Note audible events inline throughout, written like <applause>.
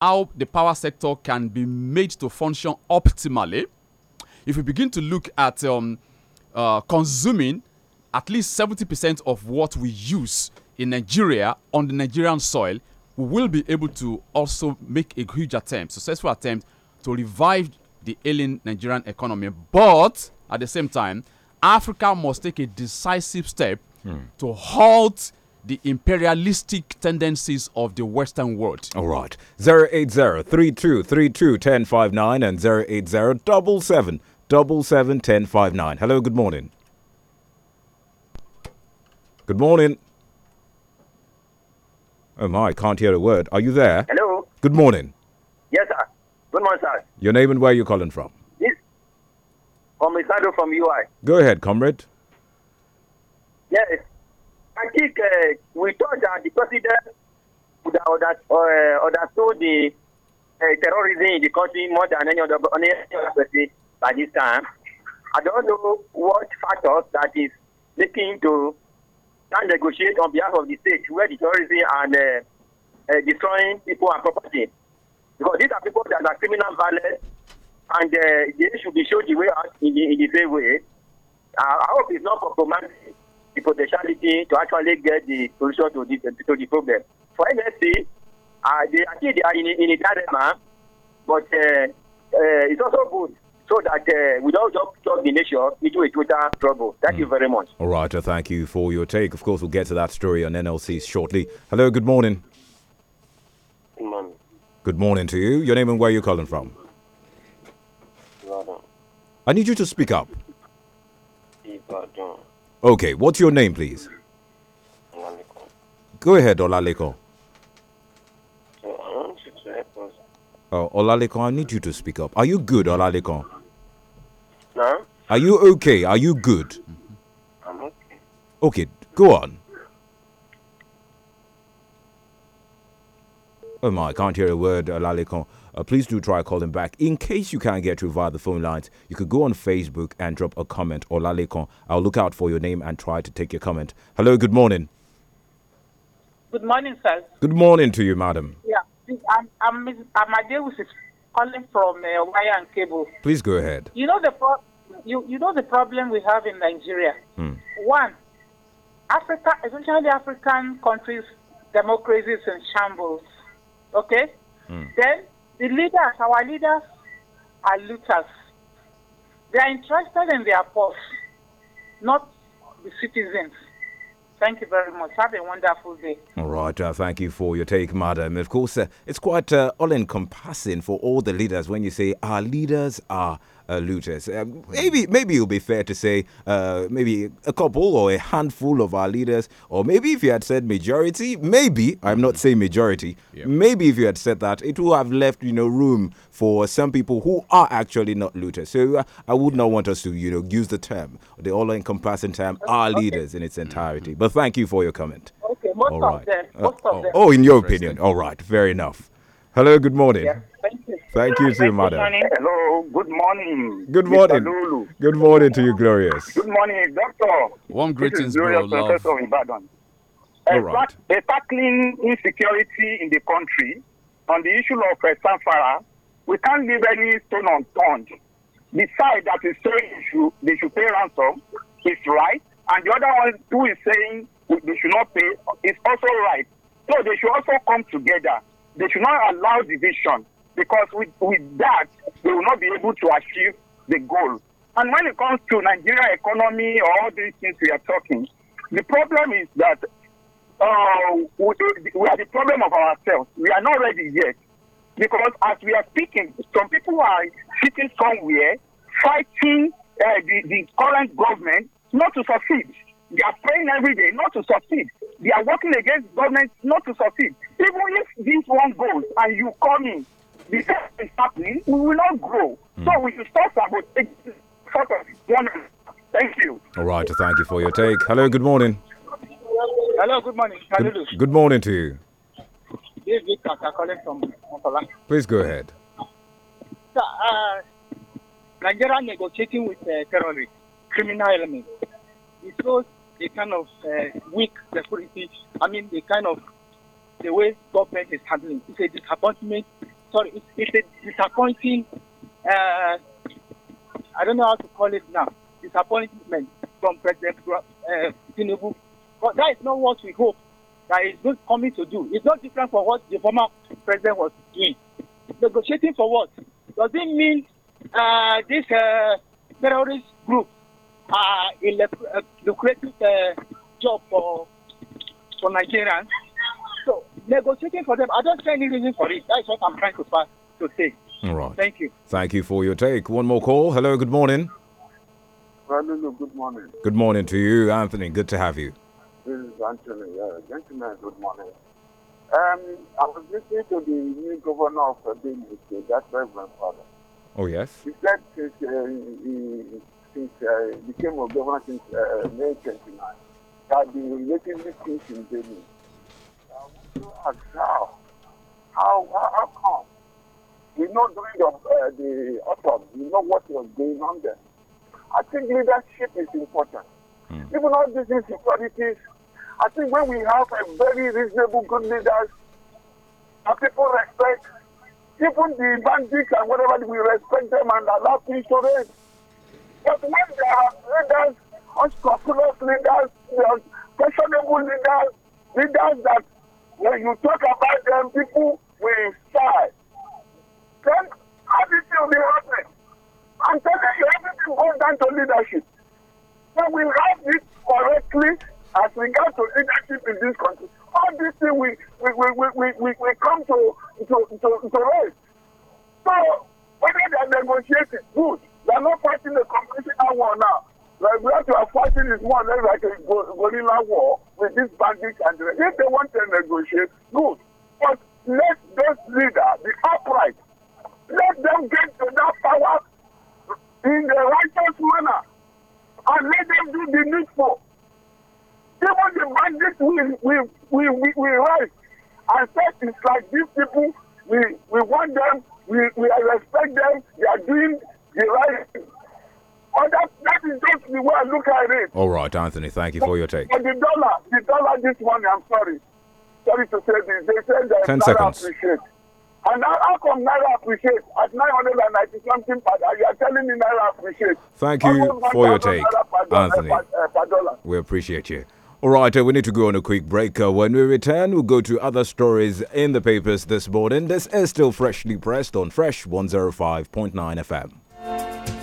how the power sector can be made to function optimally, if we begin to look at um, uh, consuming at least 70% of what we use in Nigeria on the Nigerian soil, we will be able to also make a huge attempt, successful attempt to revive the ailing Nigerian economy. But at the same time, Africa must take a decisive step mm. to halt the imperialistic tendencies of the Western world. All right. 080-3232-1059 and 080-777-1059. Hello, good morning. Good morning. Oh my, can't hear a word. Are you there? Hello. Good morning. Yes, sir. Good morning, sir. Your name and where you're calling from? Yes. Comrade from UI. Go ahead, comrade. Yes, I think uh, we thought that the president would have uh, understood the uh, terrorism in the country more than any other, any other person by this time. I don't know what factors that is making to can negotiate on behalf of the state where the terrorism and uh, uh, destroying people and property. Because these are people that are criminal violence and uh, they should be shown the way out in the, in the same way. I hope it's not compromising the potentiality to actually get the solution to the, to the problem. For NSC, uh, they, I think they are in, in a dilemma, but uh, uh, it's also good so that uh, we don't just talk the nation into a total trouble. Thank mm. you hmm. very much. All right, uh, thank you for your take. Of course, we'll get to that story on NLC shortly. Hello, good morning. Good morning. Good morning to you. Your name and where you're calling from? I need you to speak up. Ibadan. Okay, what's your name, please? Olaleko. Go ahead, Olaleko. So I want you to help us. Oh, Olaleko, I need you to speak up. Are you good, Olaleko? No. Are you okay? Are you good? I'm okay. Okay, go on. Oh my, I can't hear a word, Olaleko uh, please do try calling back. In case you can't get through via the phone lines, you could go on Facebook and drop a comment or Lalekon. I'll look out for your name and try to take your comment. Hello, good morning. Good morning, sir. Good morning to you, madam. Yeah, I'm, I'm, I'm calling from uh, Wire and Cable. Please go ahead. You know the pro- you, you know the problem we have in Nigeria. Hmm. One, Africa, essentially African countries' democracies in shambles. Okay? Mm. Then the leaders, our leaders, are looters. They are interested in their posts, not the citizens. Thank you very much. Have a wonderful day. All right. Uh, thank you for your take, madam. Of course, uh, it's quite uh, all encompassing for all the leaders when you say our leaders are looters. Uh, maybe maybe it'll be fair to say uh, maybe a couple or a handful of our leaders, or maybe if you had said majority, maybe I'm not mm. saying majority, yep. maybe if you had said that, it would have left you know room for some people who are actually not looters. So uh, I would not want us to you know use the term, the all-encompassing term, our okay. leaders in its mm-hmm. entirety. But thank you for your comment. Okay, most All of right. them. Most uh, of oh, them. Oh, in your opinion. All right, fair enough. Hello, good morning. Yeah. Thank you. Thank you too, madam. Hello. Good morning. Good morning. Good morning to you, Glorious. Good morning, Doctor. Warm greetings, bro. Love. Of Ibadan. All right. A tackling insecurity in the country on the issue of uh, Sanfara, we can't leave any stone unturned. Besides that is saying should, they should pay ransom is right, and the other one who is saying they should not pay is also right. So they should also come together. They should not allow division because with, with that, they will not be able to achieve the goal. And when it comes to Nigeria economy or all these things we are talking, the problem is that uh, we are the problem of ourselves. We are not ready yet. Because as we are speaking, some people are sitting somewhere fighting uh, the, the current government not to succeed. They are praying every day not to succeed. They are working against government not to succeed. Even if this one goes and you come in the is happening, we will not grow. Mm. So we should start sabotaging sort of one. Thank you. All right, thank you for your take. Hello, good morning. Hello, good morning. Good, good morning to you. This is calling from Please go ahead. So, uh, Nigeria negotiating with uh, terrorists, criminal element. It shows a kind of uh, weak security. I mean, the kind of the way government is handling. It's a disappointment sorry, it's, it's a disappointing, uh, I don't know how to call it now, disappointment from President uh, Tinubu. But that is not what we hope that is going coming to do. It's not different from what the former president was doing. Negotiating for what? Does it mean uh, this uh, terrorist group are uh, a lucrative uh, job for for Nigerians? negotiating for them. I don't see any reason for it. That's what I'm trying to, to say. All right. Thank you. Thank you for your take. One more call. Hello, good morning. good morning. Good morning to you, Anthony. Good to have you. This is Anthony. Yeah. Gentlemen, good morning. Um, I was listening to the new governor of uh, Benue State, that Reverend Father. Oh, yes? He said since, uh, he, since uh, became a governor since uh, May 29, that the relatively peace in Benue how, how, how come? You know, during the, uh, the autumn, you know what was going on there. I think leadership is important. Mm. Even all these insecurities, I think when we have a very reasonable, good leaders, and people respect, even the bandits and whatever, we respect them and allow things to reign. But when there are leaders, unscrupulous leaders, questionable leaders, leaders that when you talk about them, people will start. Then everything will be happening. I'm telling you, everything goes down to leadership. So we have it correctly as regards to leadership in this country. All this thing we we, we, we, we, we, come to to to, to rest. So whether they are negotiating, good. They are not fighting the competition hour now. Like we are fighting is more or less like a uh, guerrilla war with these bandits and the, if they want to negotiate, good. But let those leaders be upright. Let them get to that power in the righteous manner and let them do the needful. Even the bandits will, will, will, will, will rise and say it's like these people, we, we want them, we, we respect them, they are doing the right thing. Oh, that, that is just the way I look at it. All right, Anthony, thank you for your take. But the dollar, the dollar this money, I'm sorry. Sorry to say this. They said that 10 seconds. appreciate. And now, how come Naira appreciate at 990 something You are telling me Naira appreciate. Thank you for your take, Anthony. Per, uh, per we appreciate you. All right, uh, we need to go on a quick break. Uh, when we return, we'll go to other stories in the papers this morning. This is still freshly pressed on Fresh 105.9 FM.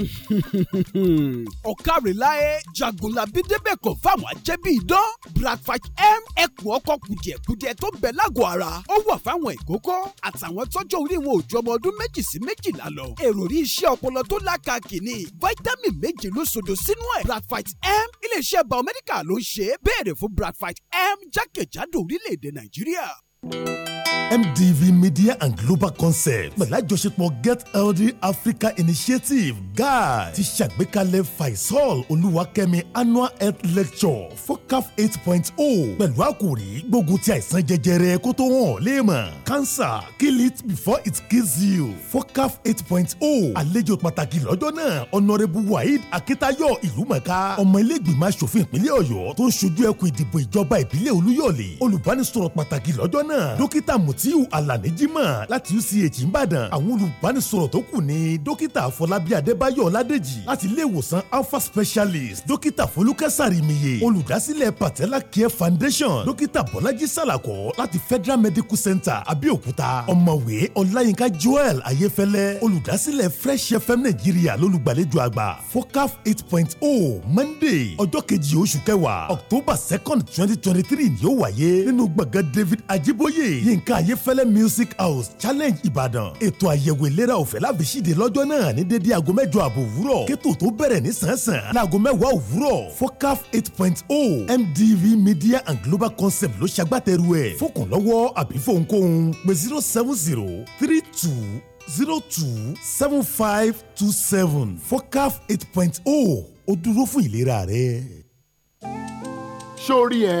<laughs> ọ̀kàrẹ̀ láyé jagunlabi débẹ̀ kọ̀ fáwọn ajẹ́bí idán blackfash m ẹkùn ọkọ̀ kùdìẹ̀kùdìẹ̀ tó bẹ̀ lágọ̀ọ́ ara ó wà fáwọn ìkókó àtàwọn tọ́jọ́ orí wọn ò ju ọmọ ọdún méjì sí méjìlá lọ èrò rí iṣẹ́ ọpọlọ tó lákàkì ni vitamin méje ló sodo sínú ẹ̀ blackfash m iléeṣẹ́ biomedical ló ń ṣe é béèrè fún blackfash m jákèjádò orílẹ̀-èdè nàìjíríà. MDV Media and Global Concept pẹ̀lú àjọṣepọ̀ Get Healthy Africa Initiative GAD ti ṣàgbékalẹ̀ Faisal Olúwakẹ́mi annual health lecture FOCAF eight point o oh pẹ̀lú àkòrí gbógun ti àìsàn jẹjẹrẹ kó tó hàn léèmọ̀ cancer kill it before it kills you FOCAF eight point o oh, àlejò pàtàkì lọ́jọ́ náà Honourable Waheed Akitayo Ìlúmọ̀ká ọmọ ilé ìgbìmọ̀ asòfin ìpínlẹ̀ Ọ̀yọ́ tó ń ṣojú ẹkùn ìdìbò ìjọba ìbílẹ̀ Olúyọ̀lé olùbánisọ̀rọ̀ pàtàkì lọ́jọ́ náà náà dókítà mutiu alanijima láti uch ìbàdàn àwọn olùbánisọ̀rọ̀ tó kù ní dókítà afọlábí adébáyọ̀ ọládèjì láti ilé ìwòsàn alpha specialist dókítà folúkẹ́ Miye, olùdásílẹ̀ patella care foundation dókítà bọ́lájí sàlàkọ́ láti federal medical center abẹ́òkúta ọ̀mọ̀wé ọláyínká joel ayéfẹ́lẹ́ olùdásílẹ̀ fresh fm nàìjíríà lólùgbàlejò àgbà focaf eight point oh monday ọjọ́ kejì oṣù kẹwàá october second twenty twenty three ni ó wáyé nínú gbọ̀ngàn david ajib adébóyè yínká ayéfẹ́lẹ́ music house challenge ìbàdàn ètò àyẹ̀wò ìlera ọ̀fẹ́ láfiṣíde lọ́jọ́ náà ní dédé aago mẹ́jọ àbọ̀ òwúrọ̀ kẹ́tò tó bẹ̀rẹ̀ ní sàn-sàn láago mẹ́wàá òwúrọ̀ focaf eight point oh mdv media and global concept ló ṣagbátẹrù ẹ̀ fọkànlọ́wọ́ àbí fòǹkóhun pé zero seven zero three two zero two seven five two seven focaf eight point oh ó dúró fún ìlera rẹ. sórí ẹ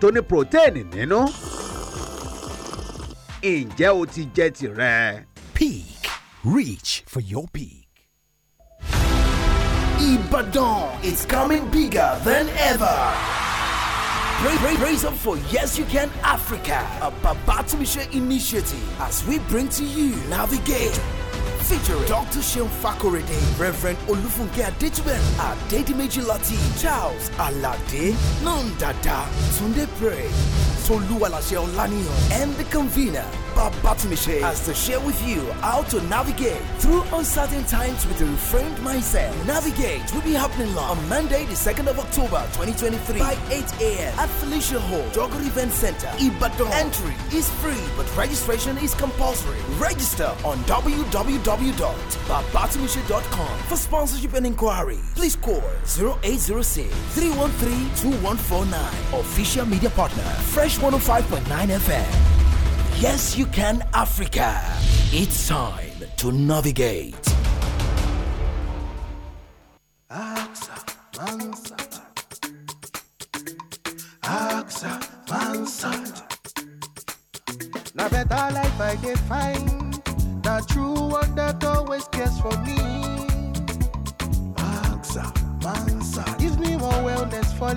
tó ní protein nínú. ǹjẹ́ o ti jẹ tirẹ̀? Peak reach for your peak. Ibadan is coming bigger than ever. Praise up for Yes You Can Africa, a Babatimisha initiative as we bring to you Navigate featuring Dr. Shem Fakorede, Reverend Olufunke Adetuben, Adedimeji Lateef, Charles Alade, Nandada, Sunday Pray, Toluwalase Olaniyan, and the convener, Babatumishe, has to share with you how to navigate through uncertain times with a reframed mindset. Navigate will be happening on Monday, the 2nd of October 2023 by 8 a.m. at Felicia Hall, Jogger Event Center, Ibadan. Entry is free, but registration is compulsory. Register on www www.babatimiche.com for sponsorship and inquiry. Please call 0806 313 2149. Official media partner, Fresh 105.9 FM. Yes, you can, Africa. It's time to navigate. AXA Mansa, AXA Mansa. Now, better life I get find.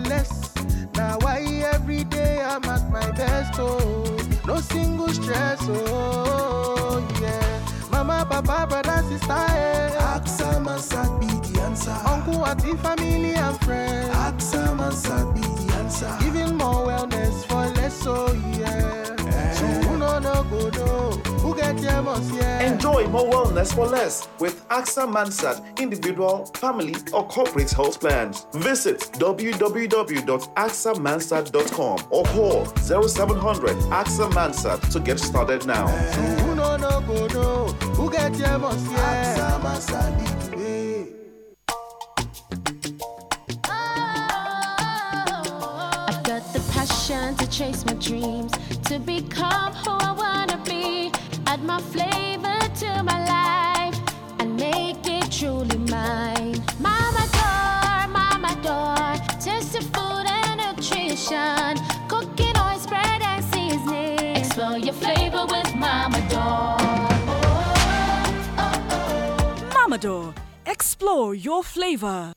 for less. Now why every day I'm at my best, oh. No single stress, oh, yeah. Mama, papa, brother, sister, eh. Aksam and be the answer. Uncle, auntie, family, and friends. Aksam and be the answer. Giving more wellness for less, oh, yeah. Eh. So, no, no, go, no. Enjoy more wellness for less with AXA Mansard individual, family, or corporate health plans. Visit www.axamansard.com or call 0700 AXA Mansard to get started now. I've got the passion to chase my dreams, to become who I wanna be add my flavor to my life and make it truly mine. Mama door, mama door, tasty food and nutrition, cooking oil spread and seasoning. Explore your flavor with Mama door. Oh, oh, oh. Mama door, explore your flavor.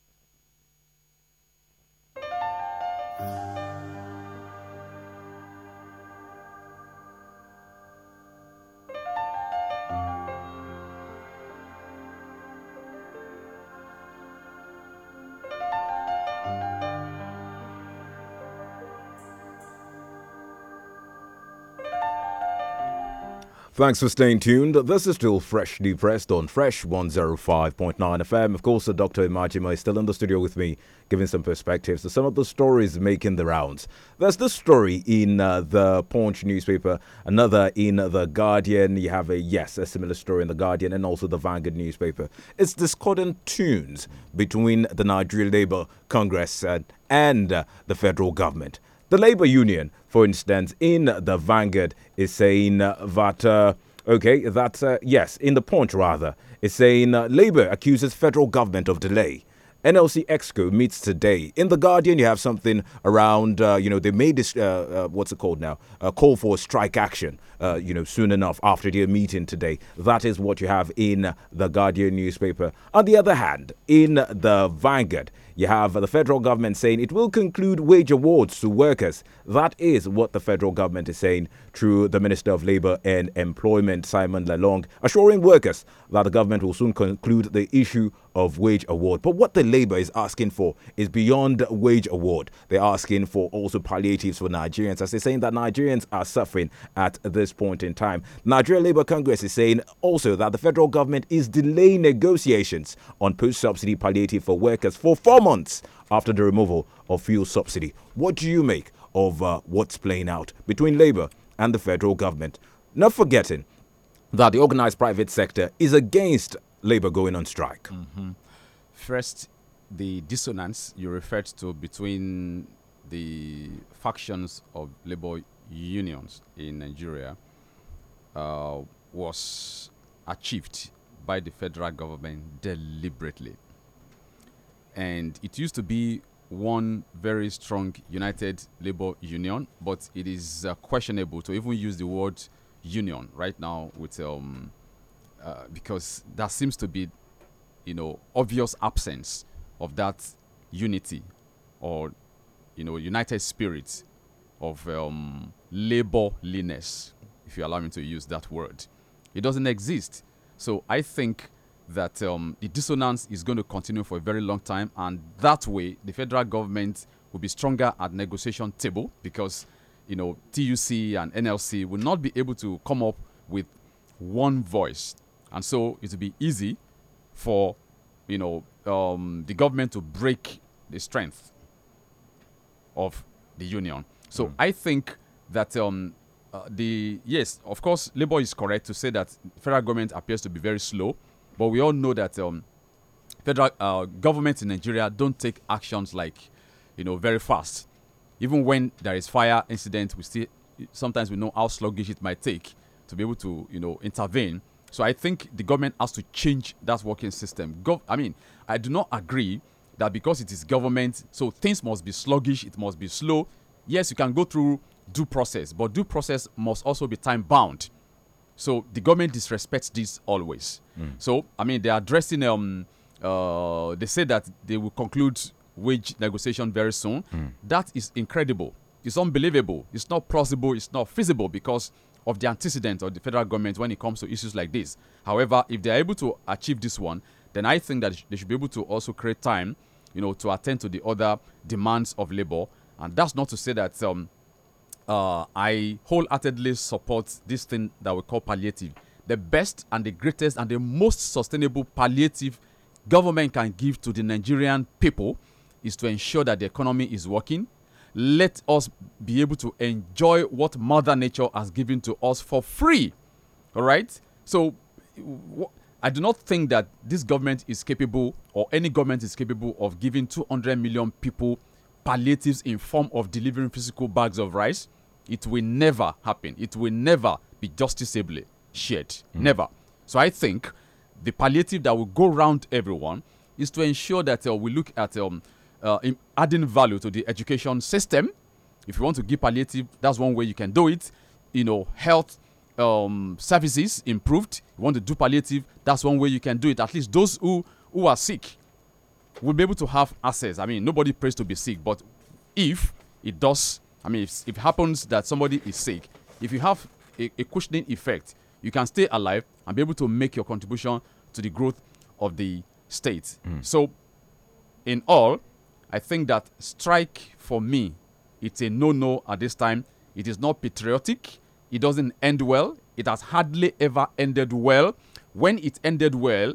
Thanks for staying tuned. This is still freshly pressed on Fresh 105.9 FM. Of course, Dr. Imajima is still in the studio with me, giving some perspectives to some of the stories making the rounds. There's this story in uh, the Punch newspaper, another in The Guardian. You have a, yes, a similar story in The Guardian and also The Vanguard newspaper. It's discordant tunes between the Nigeria Labour Congress and, uh, and uh, the federal government. The Labour Union, for instance, in the Vanguard is saying that, uh, okay, that, uh, yes, in the Punch rather, is saying uh, Labour accuses federal government of delay. NLC Exco meets today. In The Guardian, you have something around, uh, you know, they made this, uh, uh, what's it called now? A uh, call for strike action, uh, you know, soon enough after their meeting today. That is what you have in The Guardian newspaper. On the other hand, in The Vanguard, you have the federal government saying it will conclude wage awards to workers. That is what the federal government is saying through the Minister of Labour and Employment, Simon Lalong, assuring workers that the government will soon conclude the issue of wage award. But what the Labour is asking for is beyond wage award. They're asking for also palliatives for Nigerians, as they're saying that Nigerians are suffering at this point in time. Nigeria Labour Congress is saying also that the federal government is delaying negotiations on post subsidy palliative for workers for four months after the removal of fuel subsidy. What do you make of uh, what's playing out between Labour and the federal government? Not forgetting that the organised private sector is against Labour going on strike. Mm -hmm. First, the dissonance you referred to between the factions of labor unions in Nigeria uh, was achieved by the federal government deliberately and it used to be one very strong United Labour Union, but it is uh, questionable to even use the word union right now with um, uh, because there seems to be, you know, obvious absence of that unity or you know united spirit of um, laborliness, if you allow me to use that word. It doesn't exist. So I think that um, the dissonance is going to continue for a very long time, and that way the federal government will be stronger at negotiation table because you know TUC and NLC will not be able to come up with one voice, and so it will be easy for you know um, the government to break the strength of the union. So mm. I think that um, uh, the yes, of course, Labour is correct to say that federal government appears to be very slow but we all know that um, federal uh, government in Nigeria don't take actions like, you know, very fast. Even when there is fire incident, we still sometimes we know how sluggish it might take to be able to, you know, intervene. So I think the government has to change that working system. Gov- I mean, I do not agree that because it is government, so things must be sluggish, it must be slow. Yes, you can go through due process, but due process must also be time bound. So the government disrespects this always. Mm. So I mean, they are addressing. Um, uh, they say that they will conclude wage negotiation very soon. Mm. That is incredible. It's unbelievable. It's not possible. It's not feasible because of the antecedent of the federal government when it comes to issues like this. However, if they are able to achieve this one, then I think that they should be able to also create time, you know, to attend to the other demands of labor. And that's not to say that um, uh, I wholeheartedly support this thing that we call palliative. The best and the greatest and the most sustainable palliative government can give to the Nigerian people is to ensure that the economy is working. Let us be able to enjoy what Mother Nature has given to us for free. All right? So, I do not think that this government is capable or any government is capable of giving 200 million people palliatives in form of delivering physical bags of rice it will never happen. It will never be justiciably shared. Mm. Never. So I think the palliative that will go round everyone is to ensure that uh, we look at um, uh, adding value to the education system. If you want to give palliative, that's one way you can do it. You know, health um, services improved. You want to do palliative, that's one way you can do it. At least those who who are sick will be able to have access. I mean, nobody prays to be sick, but if it does I mean, if, if it happens that somebody is sick, if you have a, a cushioning effect, you can stay alive and be able to make your contribution to the growth of the state. Mm. So, in all, I think that strike for me, it's a no-no at this time. It is not patriotic. It doesn't end well. It has hardly ever ended well. When it ended well,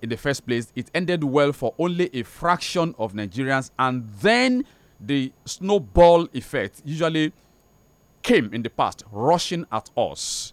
in the first place, it ended well for only a fraction of Nigerians, and then the snowball effect usually came in the past rushing at us,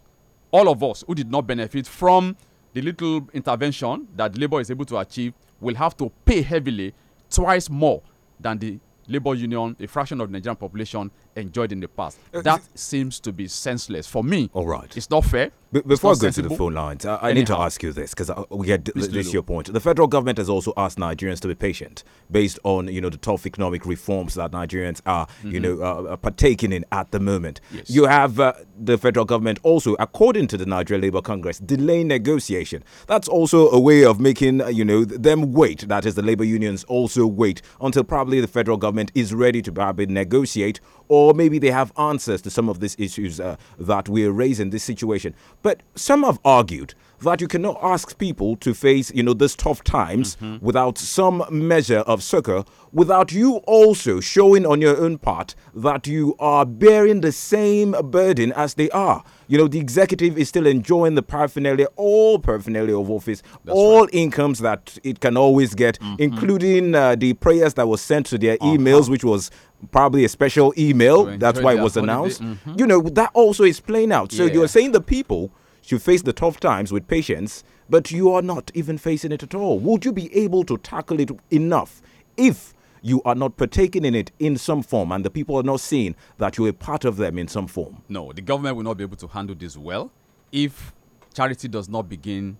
all of us who did not benefit from the little intervention that labor is able to achieve will have to pay heavily twice more than the labor union, a fraction of the Nigerian population, enjoyed in the past. Uh, that seems to be senseless for me. All right, it's not fair. B before not I go sensible. to the phone lines, I, I Anyhow, need to ask you this because uh, we had this is your point. The federal government has also asked Nigerians to be patient, based on you know the tough economic reforms that Nigerians are mm -hmm. you mm-hmm. know uh, uh, partaking in at the moment. Yes. You have uh, the federal government also, according to the Nigeria Labour Congress, delaying negotiation. That's also a way of making uh, you know them wait. That is, the labour unions also wait until probably the federal government is ready to probably negotiate or maybe they have answers to some of these issues uh, that we're raising this situation. But some have argued that you cannot ask people to face, you know, these tough times mm -hmm. without some measure of succor, without you also showing on your own part that you are bearing the same burden as they are. You know, the executive is still enjoying the paraphernalia, all paraphernalia of office, That's all right. incomes that it can always get, mm -hmm. including uh, the prayers that was sent to their uh -huh. emails, which was probably a special email. So That's why it was announced. Mm -hmm. You know, that also is playing out. So yeah. you're saying the people should face the tough times with patience, but you are not even facing it at all. Would you be able to tackle it enough if you are not partaking in it in some form and the people are not seeing that you're a part of them in some form. No, the government will not be able to handle this well if charity does not begin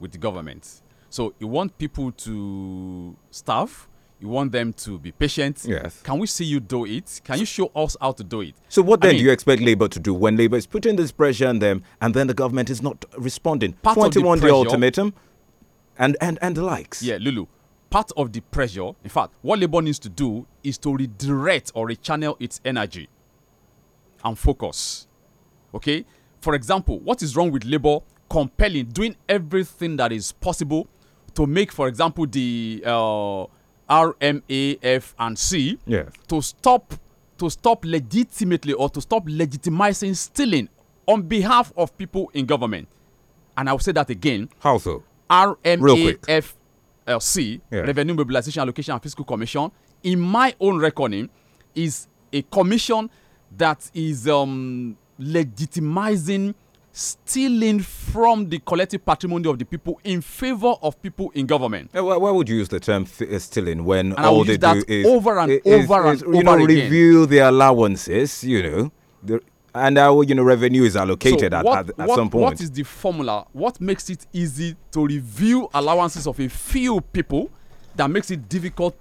with the government. So you want people to starve, you want them to be patient. Yes. Can we see you do it? Can you show us how to do it? So what then I mean, do you expect Labour to do when Labour is putting this pressure on them and then the government is not responding? Part 21 of the, pressure, the ultimatum and, and, and the likes. Yeah, Lulu part of the pressure, in fact, what Labour needs to do is to redirect or rechannel its energy and focus. Okay? For example, what is wrong with Labour compelling, doing everything that is possible to make, for example, the uh, RMAF and C yes. to stop to stop legitimately or to stop legitimizing stealing on behalf of people in government. And I'll say that again. How so? RMAF LC yeah. Revenue Mobilization Allocation and Fiscal Commission, in my own reckoning, is a commission that is um, legitimizing stealing from the collective patrimony of the people in favor of people in government. why, why, would you use the term uh, stealing when and all they do is over and is, over is, and is, over you know, again. review the allowances, you know. The, and how you know revenue is allocated so at, what, at, at what, some point. What is the formula? What makes it easy to review allowances of a few people that makes it difficult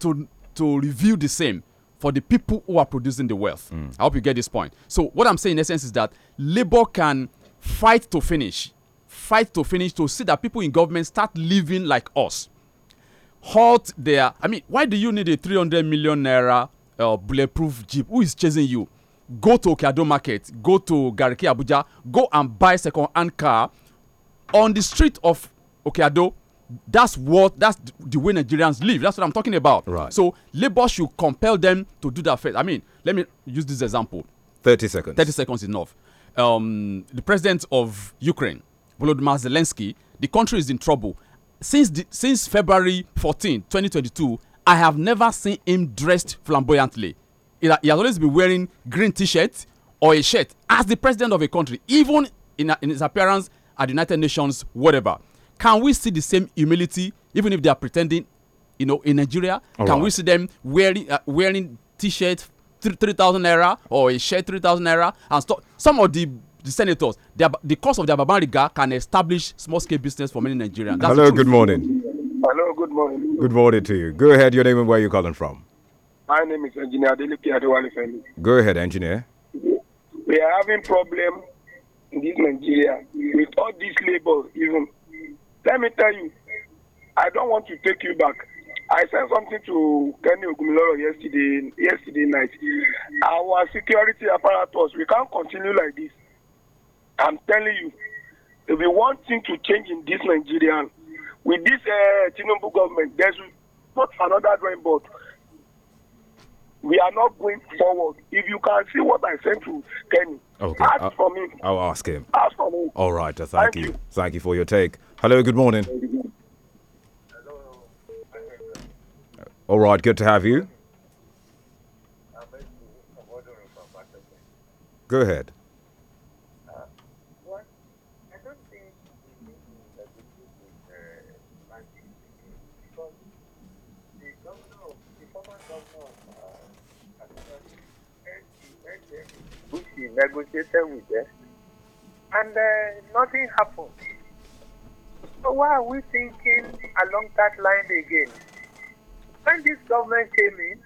to to review the same for the people who are producing the wealth? Mm. I hope you get this point. So what I'm saying in essence is that labor can fight to finish, fight to finish to see that people in government start living like us. Halt there. I mean, why do you need a 300 million naira uh, bulletproof jeep? Who is chasing you? go to Okado Market, go to Gariki Abuja, go and buy second-hand car on the street of Okado. That's what that's the way Nigerians live. That's what I'm talking about. Right. So labor should compel them to do that first. I mean, let me use this example. 30 seconds. 30 seconds enough. Um, the president of Ukraine, Volodymyr Zelensky, the country is in trouble. Since the, since February 14, 2022, I have never seen him dressed flamboyantly he, he has always been wearing green t-shirt or a shirt as the president of a country, even in, in his appearance at the United Nations, whatever. Can we see the same humility, even if they are pretending, you know, in Nigeria? All can right. we see them wearing uh, wearing t-shirt three thousand naira or a shirt three thousand naira and some of the the senators, the cost of their babariga can establish small scale business for many Nigerians. That's Hello, good morning. Hello, good morning. Good morning to you. Go ahead, your name and where you're calling from. My name is Engineer Adeleke Adewale Go ahead, Engineer. We are having problem in this Nigeria with all these labels even. Let me tell you, I don't want to take you back. I sent something to Kenny Ogumiloro yesterday yesterday night. Our security apparatus, we can't continue like this. I'm telling you, if we want thing to change in this Nigeria, with this uh, Tinubu government, there's not another drawing board we are not going forward. If you can see what I sent to Kenny, okay. ask I'll, I'll ask him. Ask for me. All right. Uh, thank, thank you. you. Thank you for your take. Hello. Good morning. Hello. Uh, all right. Good to have you. Go ahead. negotiated with them, and uh, nothing happened. So why are we thinking along that line again? When this government came in,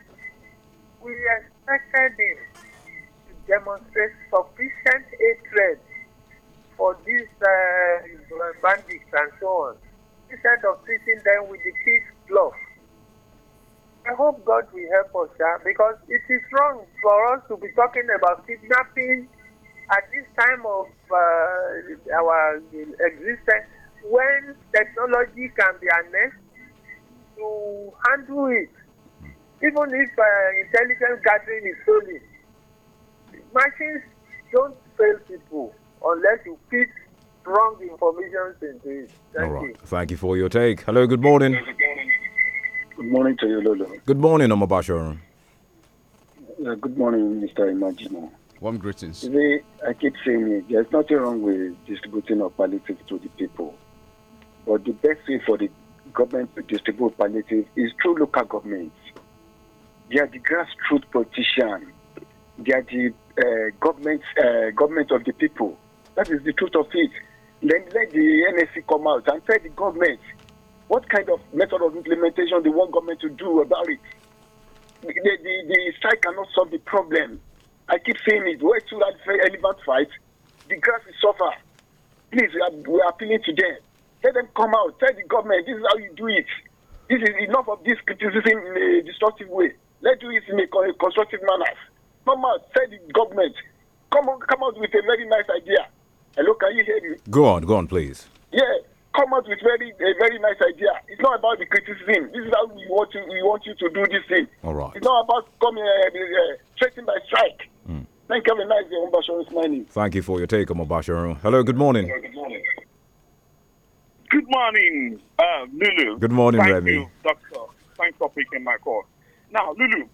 we expected him to demonstrate sufficient hatred for these uh, bandits and so on, instead of treating them with the kid's glove. I hope God will help us, yeah, because it is wrong for us to be talking about kidnapping at this time of uh, our existence when technology can be harnessed to handle it. Even if uh, intelligence gathering is solid, machines don't fail people unless you feed wrong information into it. Thank All right. You. Thank you for your take. Hello, good morning. Good morning. Good morning to you, Lolo. Good morning, Omobashoron. Uh, good morning, Mr. Imajimo. Warm greetings. I keep saying it, there's nothing wrong with distributing of palliative to the people. But the best way for the government to distribute palliative is through local governments. They are the grassroots politicians. They are the uh, government, uh, government of the people. That is the truth of it. Then let the NSC come out and tell the government what kind of method of implementation they want government to do about it. The, the, the strike cannot solve the problem. I keep saying it. Where to that very elephant fight, the grass is suffer. Please, we are, we are appealing to them. Let them come out. Tell the government this is how you do it. This is enough of this criticism in a destructive way. Let's do it in a constructive manner. Come out. Tell the government. Come on, come out with a very nice idea. Hello, can you hear me? Go on, go on, please. Yeah come out with very a very nice idea. It's not about the criticism. This is how we want you we want you to do this thing. All right. It's not about coming uh, uh, by strike. Mm. Thank you. Have a nice day, Thank you for your take, Ombasharu. Hello. Good morning. good morning. Good morning, uh, Lulu. Good morning, Thank Remy. You, doctor. Thanks for picking my call. Now, Lulu,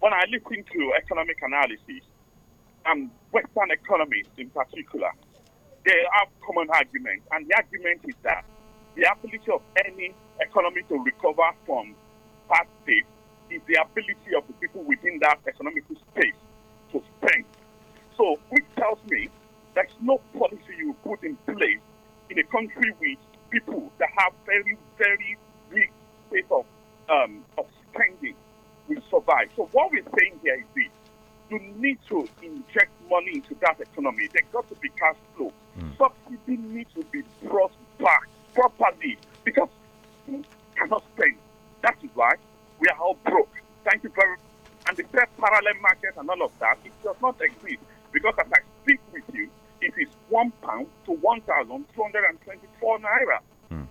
when I look into economic analysis and Western economies in particular, they have common arguments, and the argument is that the ability of any economy to recover from past state is the ability of the people within that economical space to spend. So, which tells me there's no policy you put in place in a country with people that have very, very weak space of, um, of spending will survive. So, what we're saying here is this you need to inject money into that economy. There got to be cash flow. Mm. Subsidy needs to be brought back properly because we cannot spend. That is why we are all broke. Thank you very much. And the third parallel market and all of that, it does not exist because as I speak with you, it is one pound to 1,224 naira. Mm.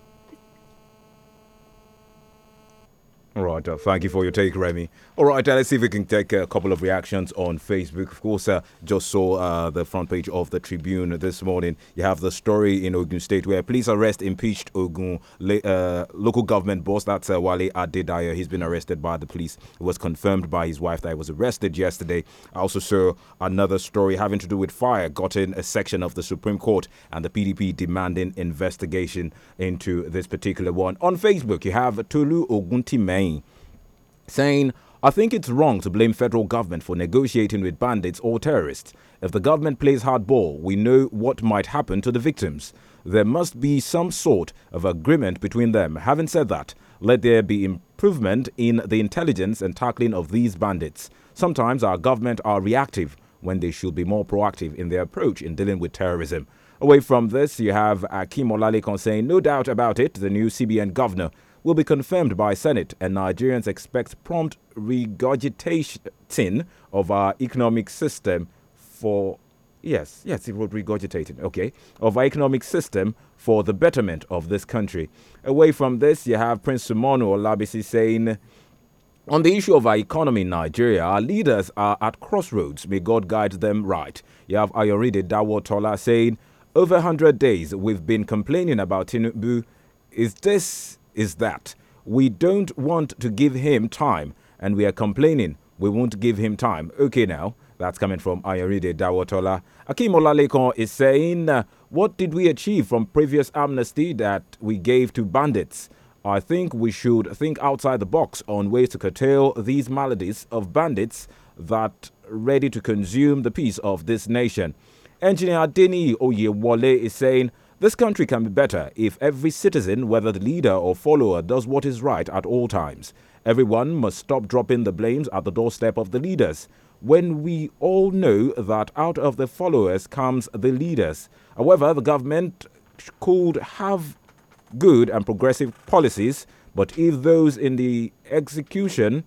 Right, uh, thank you for your take, Remy. All right, uh, let's see if we can take a couple of reactions on Facebook. Of course, uh, just saw uh, the front page of the Tribune this morning. You have the story in Ogun State where police arrest impeached Ogun uh, local government boss, that's uh, Wale Adedayo. He's been arrested by the police. It was confirmed by his wife that he was arrested yesterday. I also saw another story having to do with fire, got in a section of the Supreme Court and the PDP demanding investigation into this particular one. On Facebook, you have Tolu Oguntime saying, I think it's wrong to blame federal government for negotiating with bandits or terrorists. If the government plays hardball, we know what might happen to the victims. There must be some sort of agreement between them. Having said that, let there be improvement in the intelligence and tackling of these bandits. Sometimes our government are reactive when they should be more proactive in their approach in dealing with terrorism. Away from this, you have Akim Olalikon saying, No doubt about it, the new CBN governor will be confirmed by Senate, and Nigerians expect prompt regurgitation of our economic system for yes, yes, it would regurgitate okay, of our economic system for the betterment of this country. Away from this, you have Prince Sumono Olabisi saying. On the issue of our economy in Nigeria, our leaders are at crossroads. May God guide them right. You have Ayoride Dawotola saying, Over 100 days we've been complaining about Tinubu. Is this is that we don't want to give him time, and we are complaining we won't give him time. Okay, now. That's coming from Ayaride Dawotola. Akim Olalekon is saying, uh, What did we achieve from previous amnesty that we gave to bandits? I think we should think outside the box on ways to curtail these maladies of bandits that ready to consume the peace of this nation. Engineer Deni Oyewole is saying, this country can be better if every citizen, whether the leader or follower, does what is right at all times. Everyone must stop dropping the blames at the doorstep of the leaders. When we all know that out of the followers comes the leaders. However, the government could have good and progressive policies, but if those in the execution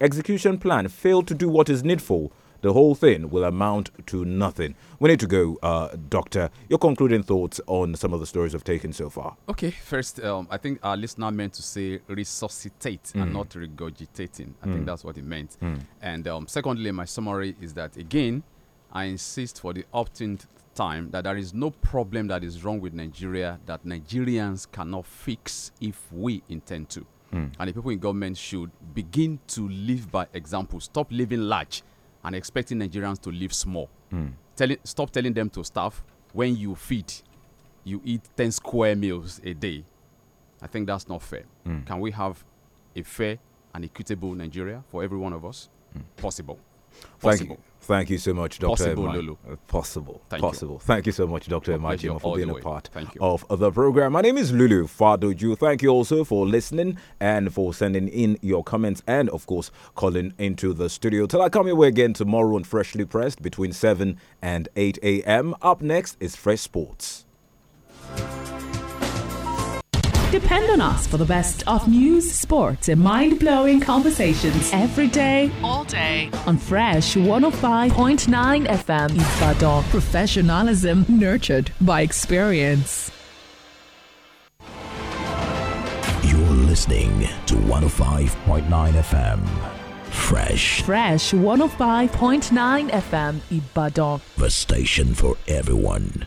execution plan fail to do what is needful, the whole thing will amount to nothing. We need to go, uh, Doctor. Your concluding thoughts on some of the stories we've taken so far. Okay, first, um, I think our listener meant to say resuscitate mm. and hmm. not regurgitating. I mm. think that's what he meant. Mm. And um, secondly, my summary is that again, I insist for the opt-in time that there is no problem that is wrong with Nigeria that Nigerians cannot fix if we intend to. Mm. And the people in government should begin to live by example. Stop living large and expecting Nigerians to live small. Mm. Telling, stop telling them to starve. When you feed, you eat 10 square meals a day. I think that's not fair. Mm. Can we have a fair and equitable Nigeria for every one of us? Mm. Possible. Possible. Thank you so much, Dr. Possible, Lulu. Uh, possible. Thank possible. You. Thank you so much, Dr. Emajima, for being a part of the program. My name is Lulu Fadoju. Thank you also for listening and for sending in your comments and, of course, calling into the studio. Till I come your way again tomorrow on Freshly Pressed between 7 and 8 a.m. Up next is Fresh Sports. Depend on us for the best of news, sports, and mind blowing conversations every day, all day on Fresh 105.9 FM. Ibadan. Professionalism nurtured by experience. You're listening to 105.9 FM. Fresh. Fresh 105.9 FM Ibadan. The station for everyone.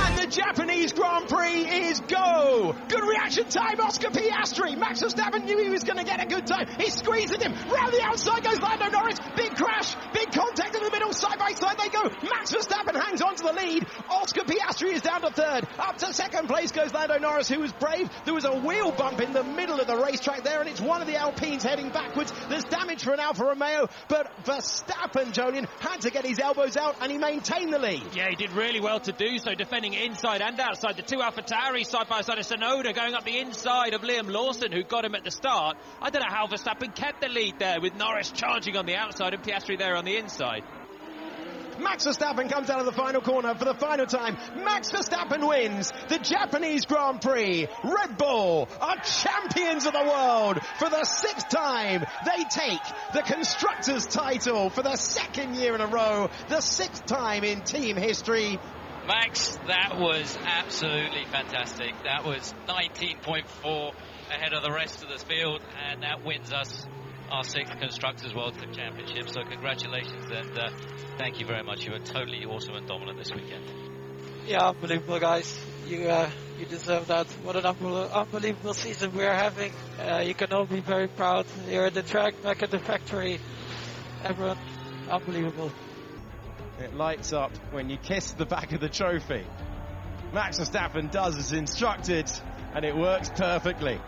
And the Japanese Grand Prix is go. Good reaction time, Oscar Piastri. Max Verstappen knew he was going to get a good time. He's squeezing him. Round the outside goes Lando Norris. Big crash. Big contact in the middle. Side by side they go. Max Verstappen hangs on to the lead. Oscar Piastri is down to third. Up to second place goes Lando Norris, who was brave. There was a wheel bump in the middle of the racetrack there, and it's one of the Alpines heading backwards. There's damage for an Alfa Romeo, but Verstappen, Jolien, had to get his elbows out, and he maintained the lead. Yeah, he did really well to do so, defending inside and outside. The two Alpha Tauri side by side of Sonoda going up the inside of Liam Lawson, who got him at the start. I don't know how Verstappen kept the lead there with Norris charging on the outside and Piastri there on the inside. Max Verstappen comes out of the final corner for the final time. Max Verstappen wins the Japanese Grand Prix. Red Bull are champions of the world for the sixth time. They take the constructors' title for the second year in a row, the sixth time in team history. Max, that was absolutely fantastic. That was 19.4 ahead of the rest of the field, and that wins us our sixth Constructors World Cup Championship. So congratulations, and uh, thank you very much. You were totally awesome and dominant this weekend. Yeah, unbelievable, guys. You uh, you deserve that. What an unbelievable season we are having. Uh, you can all be very proud. You're at the track, back at the factory. Everyone, unbelievable. It lights up when you kiss the back of the trophy. Max Verstappen does as instructed, and it works perfectly.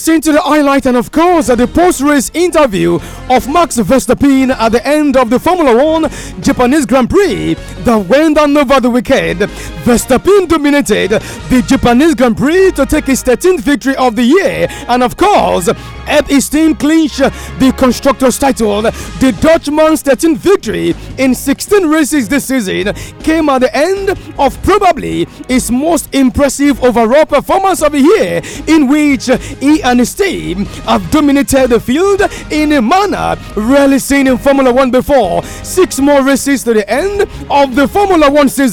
listen to the highlight and, of course, the post race interview of Max Verstappen at the end of the Formula One Japanese Grand Prix that went on over the weekend. Verstappen dominated the Japanese Grand Prix to take his 13th victory of the year, and, of course, Ebb is team clinch the Constructors title. The Dutchman's 13th victory in 16 races this season came at the end of probably his most impressive overall performance of the year, in which he and his team have dominated the field in a manner rarely seen in Formula One before. Six more races to the end of the Formula One season.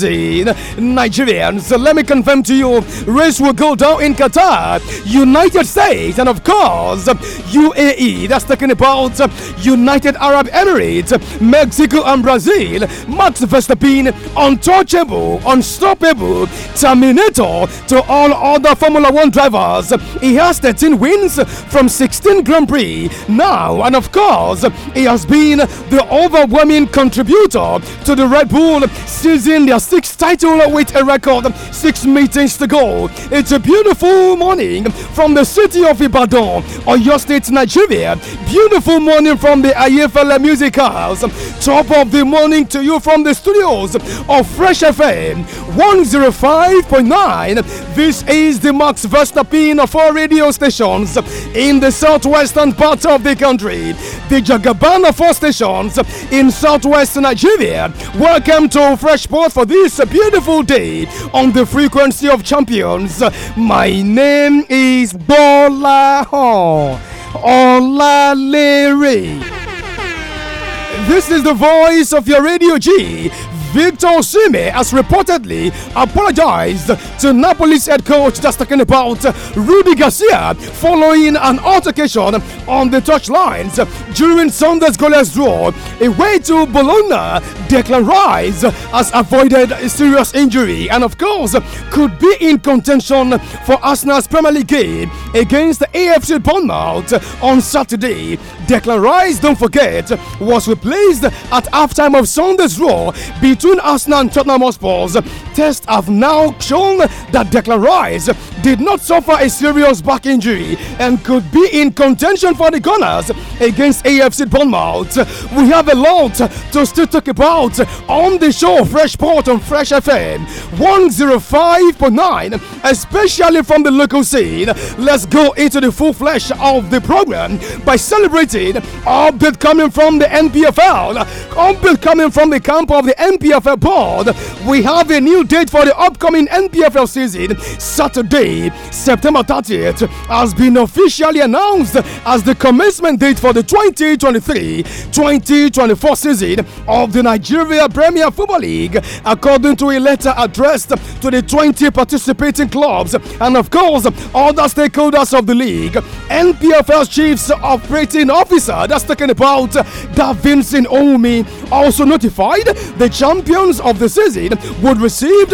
Nigerians, let me confirm to you, race will go down in Qatar, United States, and of course, UAE, that's talking about uh, United Arab Emirates, Mexico, and Brazil. Max Verstappen, untouchable, unstoppable, terminator to all other Formula One drivers. He has 13 wins from 16 Grand Prix now, and of course, he has been the overwhelming contributor to the Red Bull seizing their sixth title with a record six meetings to go. It's a beautiful morning from the city of Ibadan. Your State, Nigeria. Beautiful morning from the Ayefele Music House. Top of the morning to you from the studios of Fresh FM 105.9. This is the Max Verstappen of all radio stations in the southwestern part of the country. The Jagabana four stations in southwest Nigeria. Welcome to Fresh Sports for this beautiful day on the frequency of champions. My name is Bola Hon. Olalere. This is the voice of your Radio G Victor Sime has reportedly apologized to Napoli's head coach, just talking about Rudy Garcia, following an altercation on the touchlines during Sunday's goalless draw. A way to Bologna, Declan Rice has avoided a serious injury and, of course, could be in contention for Arsenal's Premier League game against the AFC Bournemouth on Saturday. Declan Rice, don't forget, was replaced at halftime of Sunday's draw between soon as non-Tottenham Hotspur's tests have now shown that Declan Rice did not suffer a serious back injury and could be in contention for the Gunners against AFC Bournemouth. We have a lot to still talk about on the show Fresh Port on Fresh FM 105.9, especially from the local scene. Let's go into the full flesh of the program by celebrating update coming from the NPFL, update coming from the camp of the NPFL board. We have a new date for the upcoming NPFL season, Saturday. September 30th, has been officially announced as the commencement date for the 2023 2024 season of the Nigeria Premier Football League, according to a letter addressed to the 20 participating clubs and, of course, other stakeholders of the league. NPFL Chief Operating Officer, that's talking about Davinson Omi, also notified the champions of the season would receive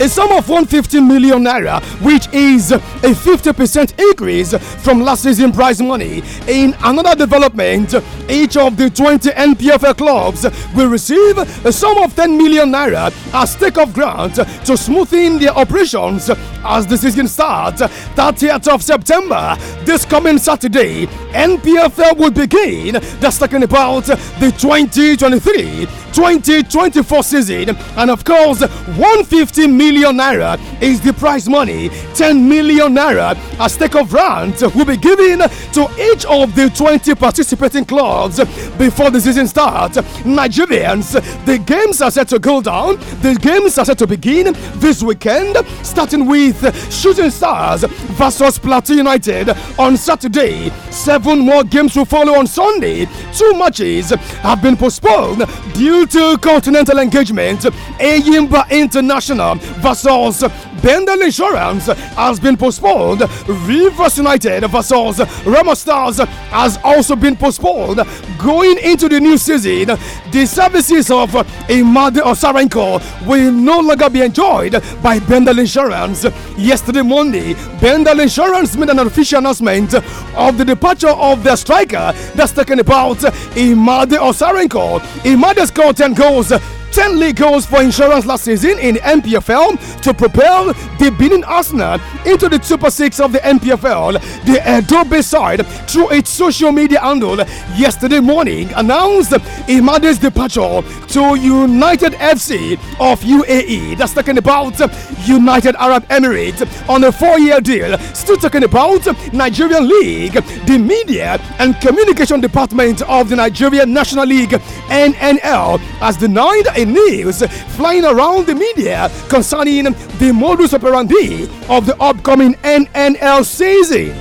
a sum of 150 million naira, which is a 50% increase from last season prize money. In another development, each of the 20 NPFL clubs will receive a sum of 10 million naira as take-off grant to smoothen their operations as the season starts 30th of September, this coming Saturday NPFL will begin. That's talking about the 2023 2024 season. And of course, 150 million naira is the prize money. 10 million naira as of rent will be given to each of the 20 participating clubs before the season starts. Nigerians, the games are set to go down. The games are set to begin this weekend, starting with Shooting Stars versus Plateau United on Saturday, 7 seven more games to follow on Sunday. Two matches have been postponed due to continental engagement. Ayimba International versus Bendel Insurance has been postponed. Rivers United versus Rama Stars has also been postponed. Going into the new season, the services of Imade Osarenko will no longer be enjoyed by Bendel Insurance. Yesterday Monday, Bendel Insurance made an official announcement of the departure of the striker that's talking about Imade Osarenko. Imade's caught 10 goals 10 goals for insurance last season in the NPFL to propel the Benin Arsenal into the Super 6 of the NPFL. The Adobe uh, side, through its social media handle yesterday morning, announced Imade's departure to United FC of UAE. That's talking about United Arab Emirates on a four year deal. Still talking about Nigerian League, the media and communication department of the Nigerian National League, NNL, has denied a news flying around the media concerning the modus operandi of the upcoming NNL season.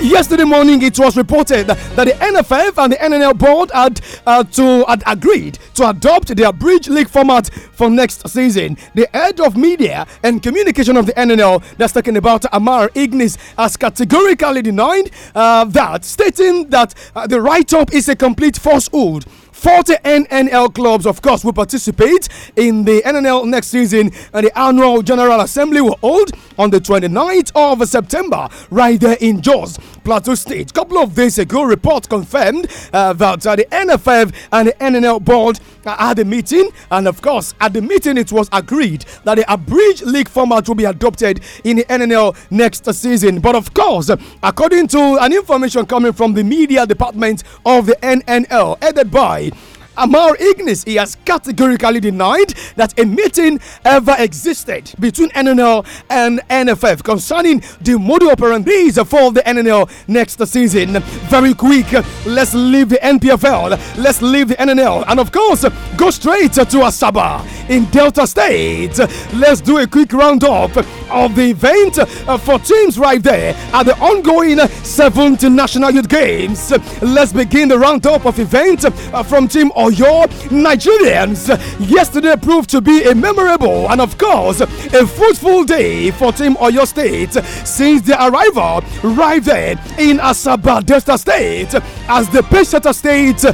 Yesterday morning, it was reported that the NFF and the NNL board had uh, to had agreed to adopt their bridge league format for next season. The head of media and communication of the NNL, that's talking about Amar Ignis, has categorically denied uh, that, stating that uh, the write-up is a complete falsehood 40 NNL clubs, of course, will participate in the NNL next season, and the annual General Assembly will hold on the 29th of September, right there in Jos, Plateau State. A couple of days ago, reports confirmed uh, that uh, the NFF and the NNL board had a meeting, and of course, at the meeting, it was agreed that the abridged league format will be adopted in the NNL next season. But of course, according to an information coming from the media department of the NNL, headed by Amar Ignis, he has categorically denied that a meeting ever existed between NNL and NFF concerning the modus operandi for the NNL next season. Very quick, let's leave the NPFL, let's leave the NNL, and of course, go straight to Asaba in Delta State. Let's do a quick roundup of the event uh, for teams right there at the ongoing 7th National Youth Games. Let's begin the roundup of events uh, from Team Oyo Nigerians. Yesterday proved to be a memorable and, of course, a fruitful day for Team Oyo State since their arrival right there in Asaba Delta State as the play State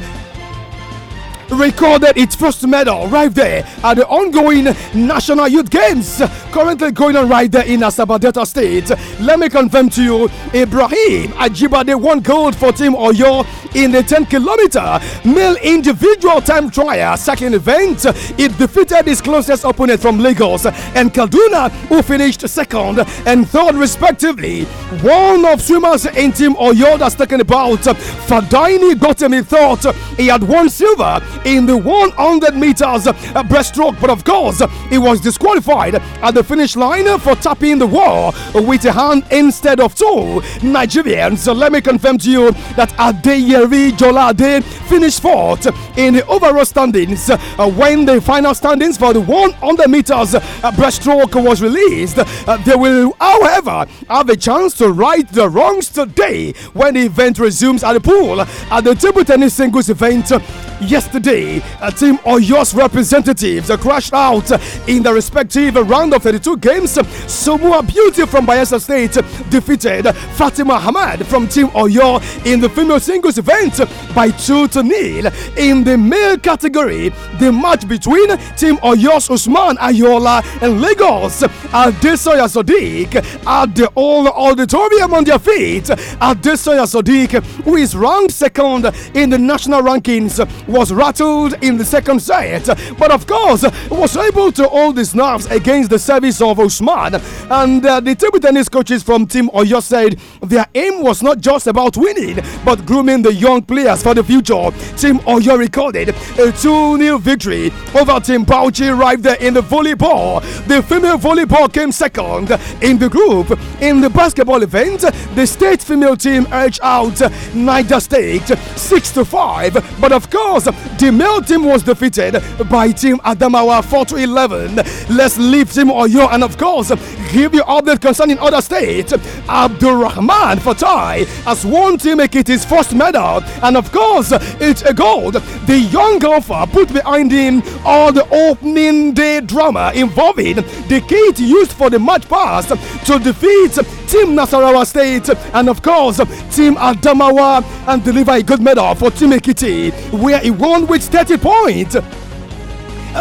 recorded its first medal right there at the ongoing National Youth Games currently going on right there in Asaba Delta State. Let me confirm to you, Ibrahim Ajibade won gold for Team Oyo in the 10 kilometer male individual time trial second event. It defeated his closest opponent from Lagos and Kaduna, who finished second and third respectively. One of swimmers in Team Oyo that's talking about Fadaini Gotemi thought he had won silver in the 100 meters uh, breaststroke, but of course, he was disqualified at the finish line for tapping the wall with a hand instead of two. Nigerians, uh, let me confirm to you that Adeyeri Jolade finished fourth in the overall standings uh, when the final standings for the 100 meters breaststroke was released. They will, however, have a chance to right the wrongs today when the event resumes at the pool at the table tennis singles event Yesterday, a team Oyo's representatives crashed out in the respective round of 32 games. Sumua Beauty from Bayelsa State defeated Fatima Hamad from Team Oyo in the female singles event by 2 to nil. In the male category, the match between Team Oyo's Usman Ayola and Lagos Adesoya Sadiq at the old auditorium on their feet. Adesoya Sadiq, who is ranked second in the national rankings was rattled in the second set, but of course was able to hold his nerves against the service of Usman. And uh, the table tennis coaches from Team Oyo said their aim was not just about winning, but grooming the young players for the future. Team Oyo recorded a 2 0 victory over Team Bauchi right there in the volleyball. The female volleyball came second in the group. In the basketball event, the state female team edged out Niger State 6 to 5, but of course, because the male team was defeated by Team Adamawa 4 to 11. Let's leave Team Oyo and, of course, give you update concerning other states. Abdurrahman Fatai has won Team Ekiti's first medal, and of course, it's a gold. The young golfer put behind him all the opening day drama involving the kit used for the match pass to defeat Team Nasarawa State, and of course, Team Adamawa, and deliver a good medal for Team Ekiti, where he won with 30 points.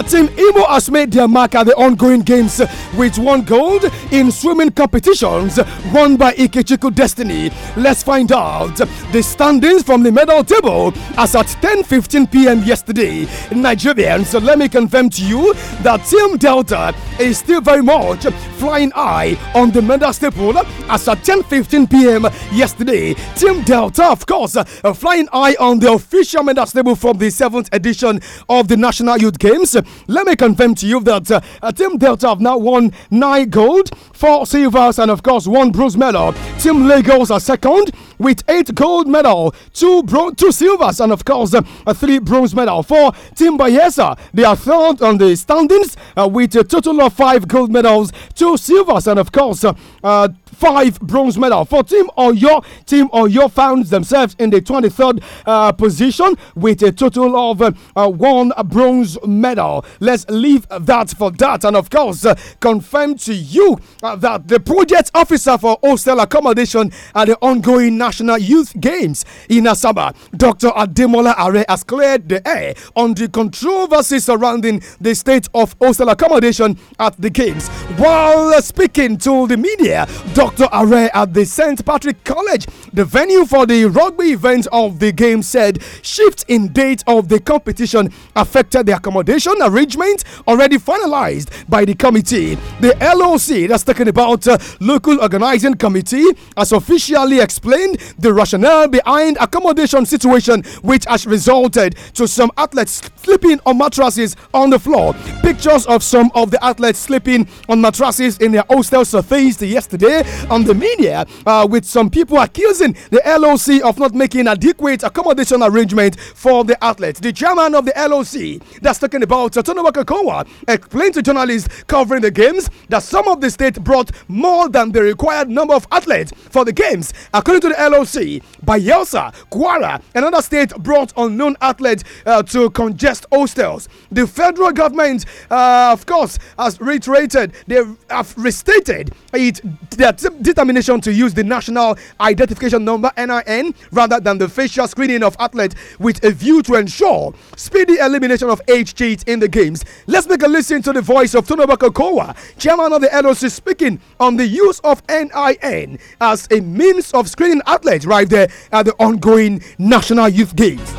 Team Imo has made their mark at the ongoing games with one gold in swimming competitions won by Ikechukwu Destiny. Let's find out the standings from the medal table as at 10:15 p.m. yesterday. Nigerians, let me confirm to you that Team Delta is still very much flying high on the medal table as at 10:15 p.m. yesterday. Team Delta, of course, flying high on the official medal table from the seventh edition of the National Youth Games. Let me confirm to you that uh, Team Delta have now won nine gold, four silvers, and of course one bronze medal. Team Lagos are second with eight gold medal, two two silvers, and of course uh, three bronze medal. For Team Bayesa, they are third on the standings uh, with a total of five gold medals, two silvers, and of course uh, five bronze medal for Team Oyo. Team Oyo found themselves in the 23rd uh, position with a total of uh, one bronze medal. Let's leave that for that, and of course, uh, confirm to you uh, that the project officer for hostel accommodation at the ongoing National Youth Games in Asaba, Dr. Ademola Are, has cleared the air on the controversy surrounding the state of hostel accommodation at the games. While speaking to the media, Dr. Dr. Array at the St. Patrick College, the venue for the rugby event of the game, said shift in date of the competition affected the accommodation arrangement already finalized by the committee. The LOC, that's talking about uh, local organizing committee, has officially explained the rationale behind accommodation situation, which has resulted to some athletes sleeping on mattresses on the floor. Pictures of some of the athletes sleeping on mattresses in their hostels surfaced yesterday on the media uh, with some people accusing the LOC of not making adequate accommodation arrangement for the athletes. The chairman of the LOC that's talking about Satono Wakakowa explained to journalists covering the games that some of the state brought more than the required number of athletes for the games. According to the LOC, Bayelsa, Kwara, and other states brought unknown athletes uh, to congest hostels. The federal government, uh, of course, has reiterated, they have restated it that determination to use the national identification number NIN rather than the facial screening of athletes with a view to ensure speedy elimination of age cheats in the games. Let's make a listen to the voice of Tonoba Kokoa, chairman of the LOC, speaking on the use of NIN as a means of screening athletes right there at the ongoing National Youth Games.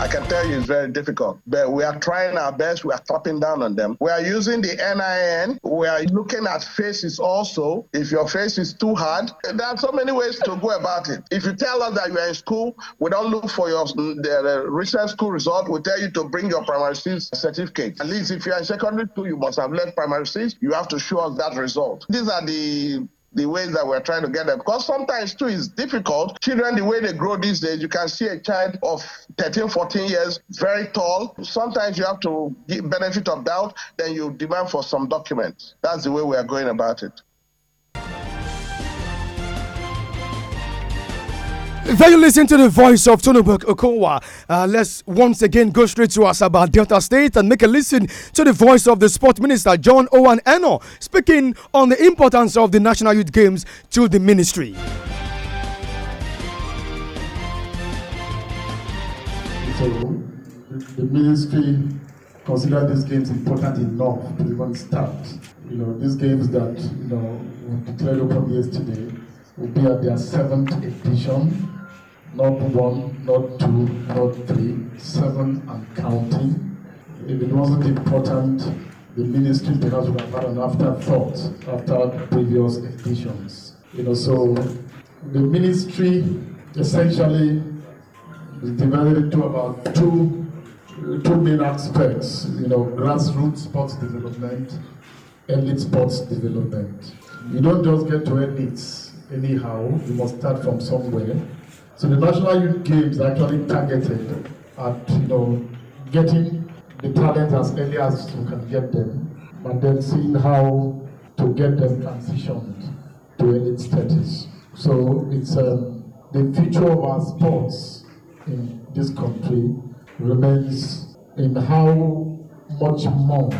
I can tell you it's very difficult, but we are trying our best. We are clapping down on them. We are using the NIN. We are looking at faces also. If your face is too hard, there are so many ways to go about it. If you tell us that you are in school, we don't look for your the, the recent school result. We tell you to bring your primary six certificate. At least if you are in secondary school, you must have left primary six. You have to show us that result. These are the the ways that we're trying to get them. Because sometimes, too, it's difficult. Children, the way they grow these days, you can see a child of 13, 14 years, very tall. Sometimes you have to give benefit of doubt, then you demand for some documents. That's the way we are going about it. Then you listen to the voice of Tonobok Okowa. Uh, let's once again go straight to us about Delta State and make a listen to the voice of the Sport Minister John Owen Eno speaking on the importance of the National Youth Games to the ministry. So, the ministry consider these games important enough to even start. You know, these games that you know were declared open yesterday will be at their seventh edition not one, not two, not three, seven and counting. If it wasn't important, the ministry perhaps would have had an afterthought after previous editions. You know, so the ministry essentially is divided into about two two main aspects. You know, grassroots sports development, elite sports development. You don't just get to elites anyhow. You must start from somewhere so the National Youth Games actually targeted at, you know, getting the talent as early as you can get them, but then seeing how to get them transitioned to elite status. So it's um, the future of our sports in this country remains in how much more,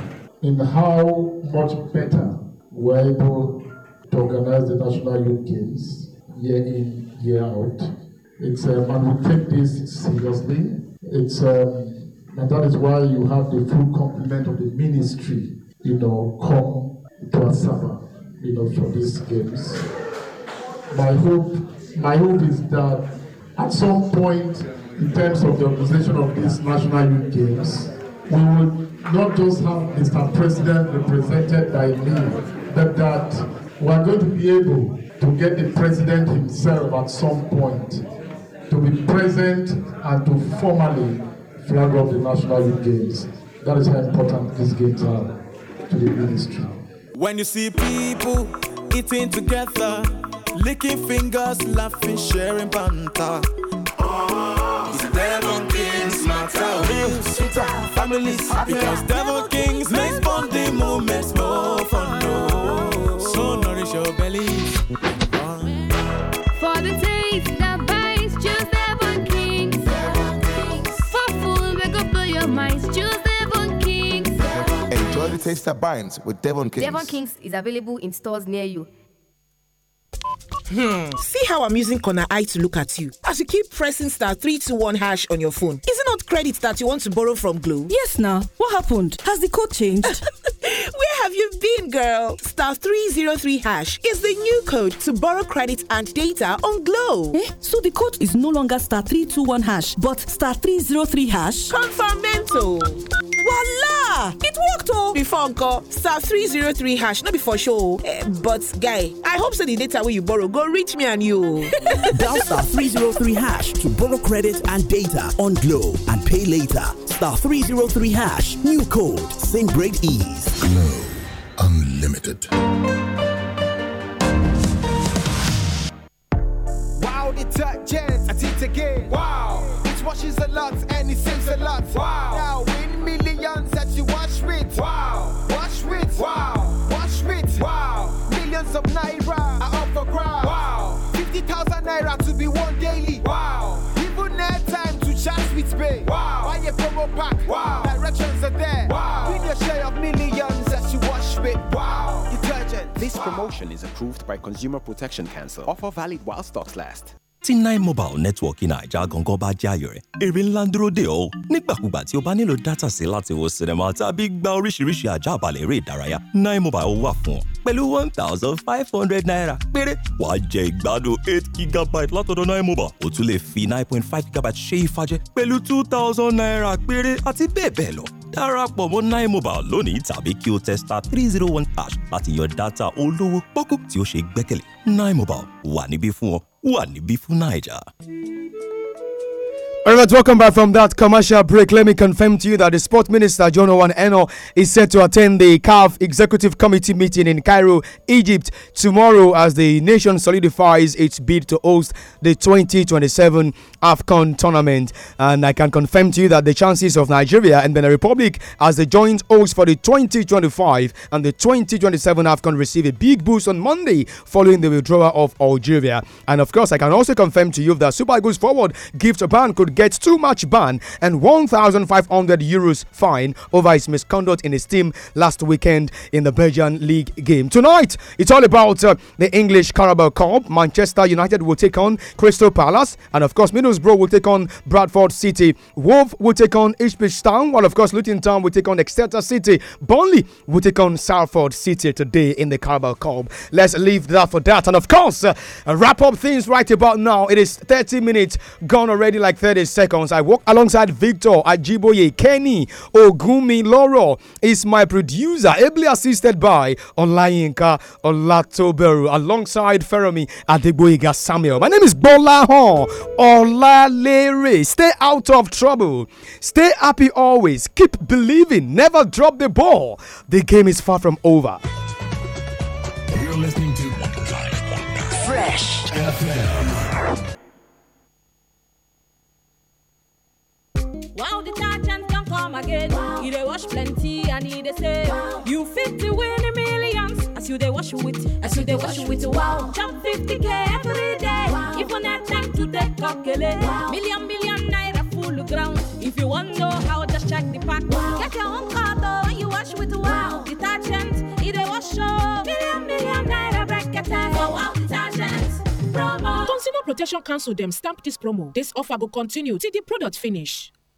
in how much better we're able to organize the National Youth Games year in, year out. It's, um, uh, and we take this seriously. It's, um, and that is why you have the full complement of the ministry, you know, come to Asaba, you know, for these games. My hope, my hope is that at some point, in terms of the organization of these national youth games, we will not just have Mr. President represented by me, but that we are going to be able to get the president himself at some point to be present and to formally flag off the National League Games. That is how important these games are to the ministry. When you see people eating together, licking fingers, laughing, sharing banter. Oh, it's devil Kings my Real families. Because devil Kings makes bonding moments more fun. Oh. So nourish your belly. Taster Binds with Devon Kings. Devon Kings is available in stores near you. Hmm. See how I'm using Corner Eye to look at you as you keep pressing star 321 hash on your phone. Is it not credit that you want to borrow from Glow? Yes, now. What happened? Has the code changed? <laughs> Where have you been, girl? Star 303 hash is the new code to borrow credit and data on Glow. Eh? So the code is no longer star 321 hash, but star 303 hash? Confirmento. Voila! It worked, oh! Before Uncle, star 303 hash, not before show. Oh. Eh, but, guy, I hope so the data where you borrow go reach me and you. <laughs> Dial star 303 hash to borrow credit and data on Glow and pay later. Star 303 hash, new code, same great ease. Glow Unlimited. Wow, detergents, I it again. Wow. It washes a lot and it saves a lot. Wow. Now win millions that you wash with. Wow. Wash with. Wow. Wash with. Wow. Millions of naira are up for grabs. Wow. 50,000 naira to be won daily. Wow. Sweet Bay. Wow. Buy promo pack. Wow. Directions are there. Wow. your share of millions you wash with. Wow. Detergent. This wow. promotion is approved by Consumer Protection Council. Offer valid while stocks last. Tinai mobile network naija gangan bá jáyọ rẹ èrè ńlá ń dúró dè ọ́ nígbàkúgbà tí o bá nílò dátà sí láti wo sinimá tàbí gba oríṣiríṣi àjàbalẹ̀ eré ìdárayá nine mobile wà fún ọ pẹ̀lú one thousand five hundred naira péré wàá jẹ ìgbádùn eight gigabyte látọ̀dọ̀ nine mobile o tún lè fi nine point five gigabyte ṣe ìfàjẹ pẹ̀lú two thousand naira péré àti bẹ́ẹ̀ bẹ́ẹ̀ lọ darapọ̀ mọ́ nine mobile lónìí tàbí kí o tẹ star three zero one hash láti yọ dátà olówó pọ́kú tí o ṣe gbẹ́kẹ̀lé nine mobile wà níbí fún ọ wà níbí fún naija. All right, welcome back from that commercial break. Let me confirm to you that the Sport Minister John Owen Eno is set to attend the CAF Executive Committee meeting in Cairo, Egypt, tomorrow as the nation solidifies its bid to host the 2027 AFCON tournament. And I can confirm to you that the chances of Nigeria and Benin Republic as the joint hosts for the 2025 and the 2027 AFCON receive a big boost on Monday following the withdrawal of Algeria. And of course, I can also confirm to you that Super Eagles forward Gift Japan could gets two match ban and 1,500 euros fine over his misconduct in his team last weekend in the Belgian League game. Tonight, it's all about uh, the English Carabao Cup. Manchester United will take on Crystal Palace, and of course, Middlesbrough will take on Bradford City. Wolf will take on Ipswich Town, while of course, Luton Town will take on Exeter City. Burnley will take on Salford City today in the Carabao Cup. Let's leave that for that, and of course, uh, wrap up things right about now. It is 30 minutes gone already, like 30 seconds. I walk alongside Victor Ajiboye, Kenny Ogumi Loro is my producer, ably assisted by Olayinka Olatoberu, alongside Fermi Adeboyega Samuel. My name is Bola Hon Olalere. Stay out of trouble. Stay happy always. Keep believing. Never drop the ball. The game is far from over. You're listening to Fresh FM. Wow, the detergent can come again. Wow. You they wash plenty and need they say wow. you fit to win a millions. As you they wash with, as you they wash with, wow. Jump 50k every day. Wow. If on that time today, calculate wow. million million naira full ground. If you want know how, just check the pack. Wow. Get your own car though when you wash with wow. wow. Detergent, you they wash Million million naira bracket. Oh, wow, detergent. Promo. Consumer Protection Council them stamp this promo. This offer will continue till the product finish.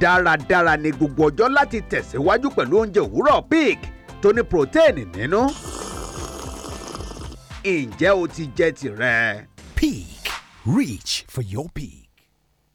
dáradára ní gbogbo ọjọ́ láti tẹ̀síwájú pẹ̀lú oúnjẹ òwúrọ̀ pig tó ní protein nínú. ǹjẹ́ o ti jẹ tirẹ̀? pig reach for your pig.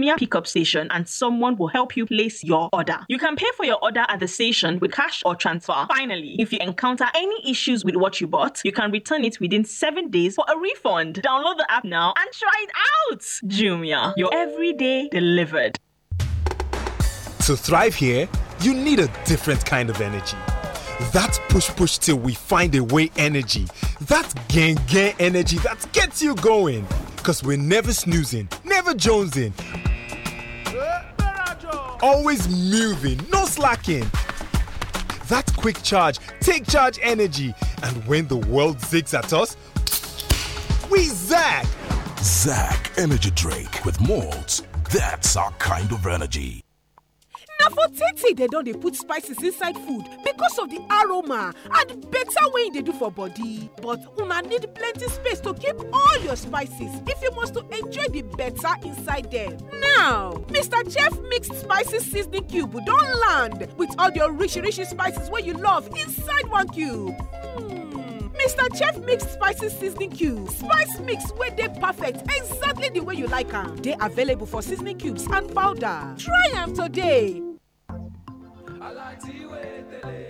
Jumia pickup station and someone will help you place your order. You can pay for your order at the station with cash or transfer. Finally, if you encounter any issues with what you bought, you can return it within 7 days for a refund. Download the app now and try it out. Jumia, your everyday delivered. To thrive here, you need a different kind of energy. That push push till we find a way energy. That gang gang energy that gets you going. Cause we're never snoozing, never jonesing Always moving, no slacking. That quick charge, take charge energy. And when the world zigs at us, we zack. Zack Energy Drink with malts. That's our kind of energy. na for titi dem don dey put spices inside food because of the aroma and better wey e dey do for body but una need plenty space to keep all your spices if you must to enjoy the better inside dem now mr chef mixed spices seasoning cube don land with all your rich rich spices wey you love inside one cube mr hmm, chef mix spices seasoning cube spice mix wey dey perfect exactly the way you like am dey available for seasoning cubes and powder try am today aláti wé tẹ̀lé.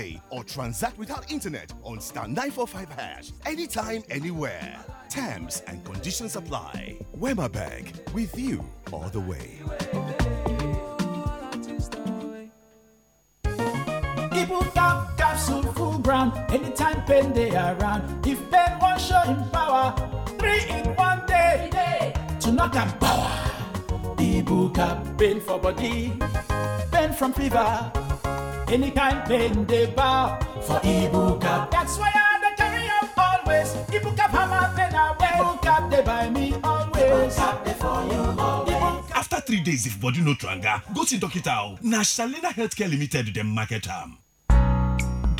pay or transact without internet on star 945 hash anytime, anywhere. Terms and conditions apply. Wema Bank with you all the way. capsule full ground anytime they around. If one show in power, three in one day, day. to knock and power. for body, from fever Anytime pain they bow for Ibuka. That's why I am the carry up always. Ibuka have my pain away. Ibuka they buy me always. Ibuka for you After three days, if body no tranga, go see doctor. Oh. Nash Salina Healthcare Limited, the market arm.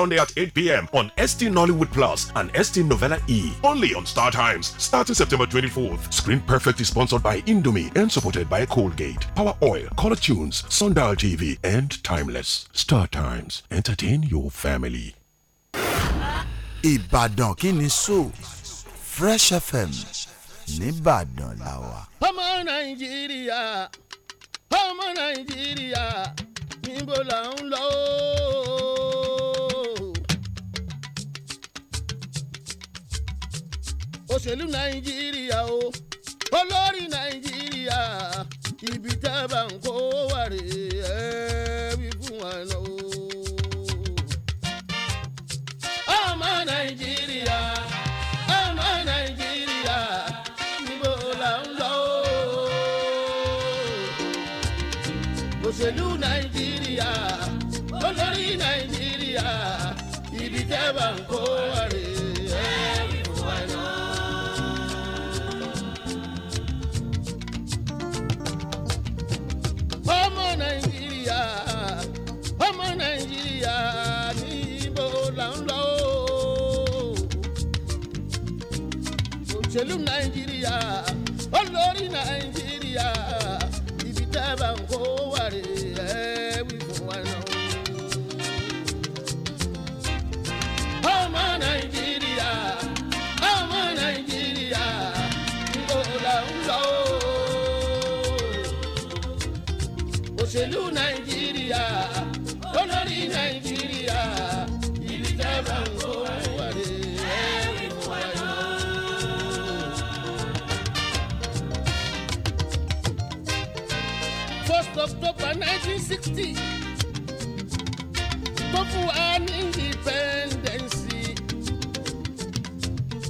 Sunday at 8 p.m. on ST Nollywood Plus and ST Novella E. Only on Star Times, starting September 24th. Screen Perfect is sponsored by Indomie and supported by Colgate, Power Oil, Color Tunes, Sundial TV, and Timeless. Star Times, entertain your family. Ìbàdàn kí sọ Fresh FM nìbàdàn lawa. Ọmọ Nigeria. ọmọ Nàìjíríà níbo là ń òṣèlú nàìjíríà o olórí nàìjíríà ibi tá a bá ń kó wà rèé ẹ wí fún wa náà o. ọmọ nàìjíríà ọmọ nàìjíríà níbo là ń lọ o. òṣèlú nàìjíríà olórí nàìjíríà ibi tá a bá ń kó wà rèé. ọmọ nàìjíríà níbo là ń lọ o. òṣèlú nàìjíríà olórí nàìjíríà ibi tá a bá ń kó wà rè é wí fún wa náà. ọmọ nàìjíríà ọmọ nàìjíríà níbo là ń lọ o. òṣèlú nàìjíríà. October 1960 tó fún wa ní independence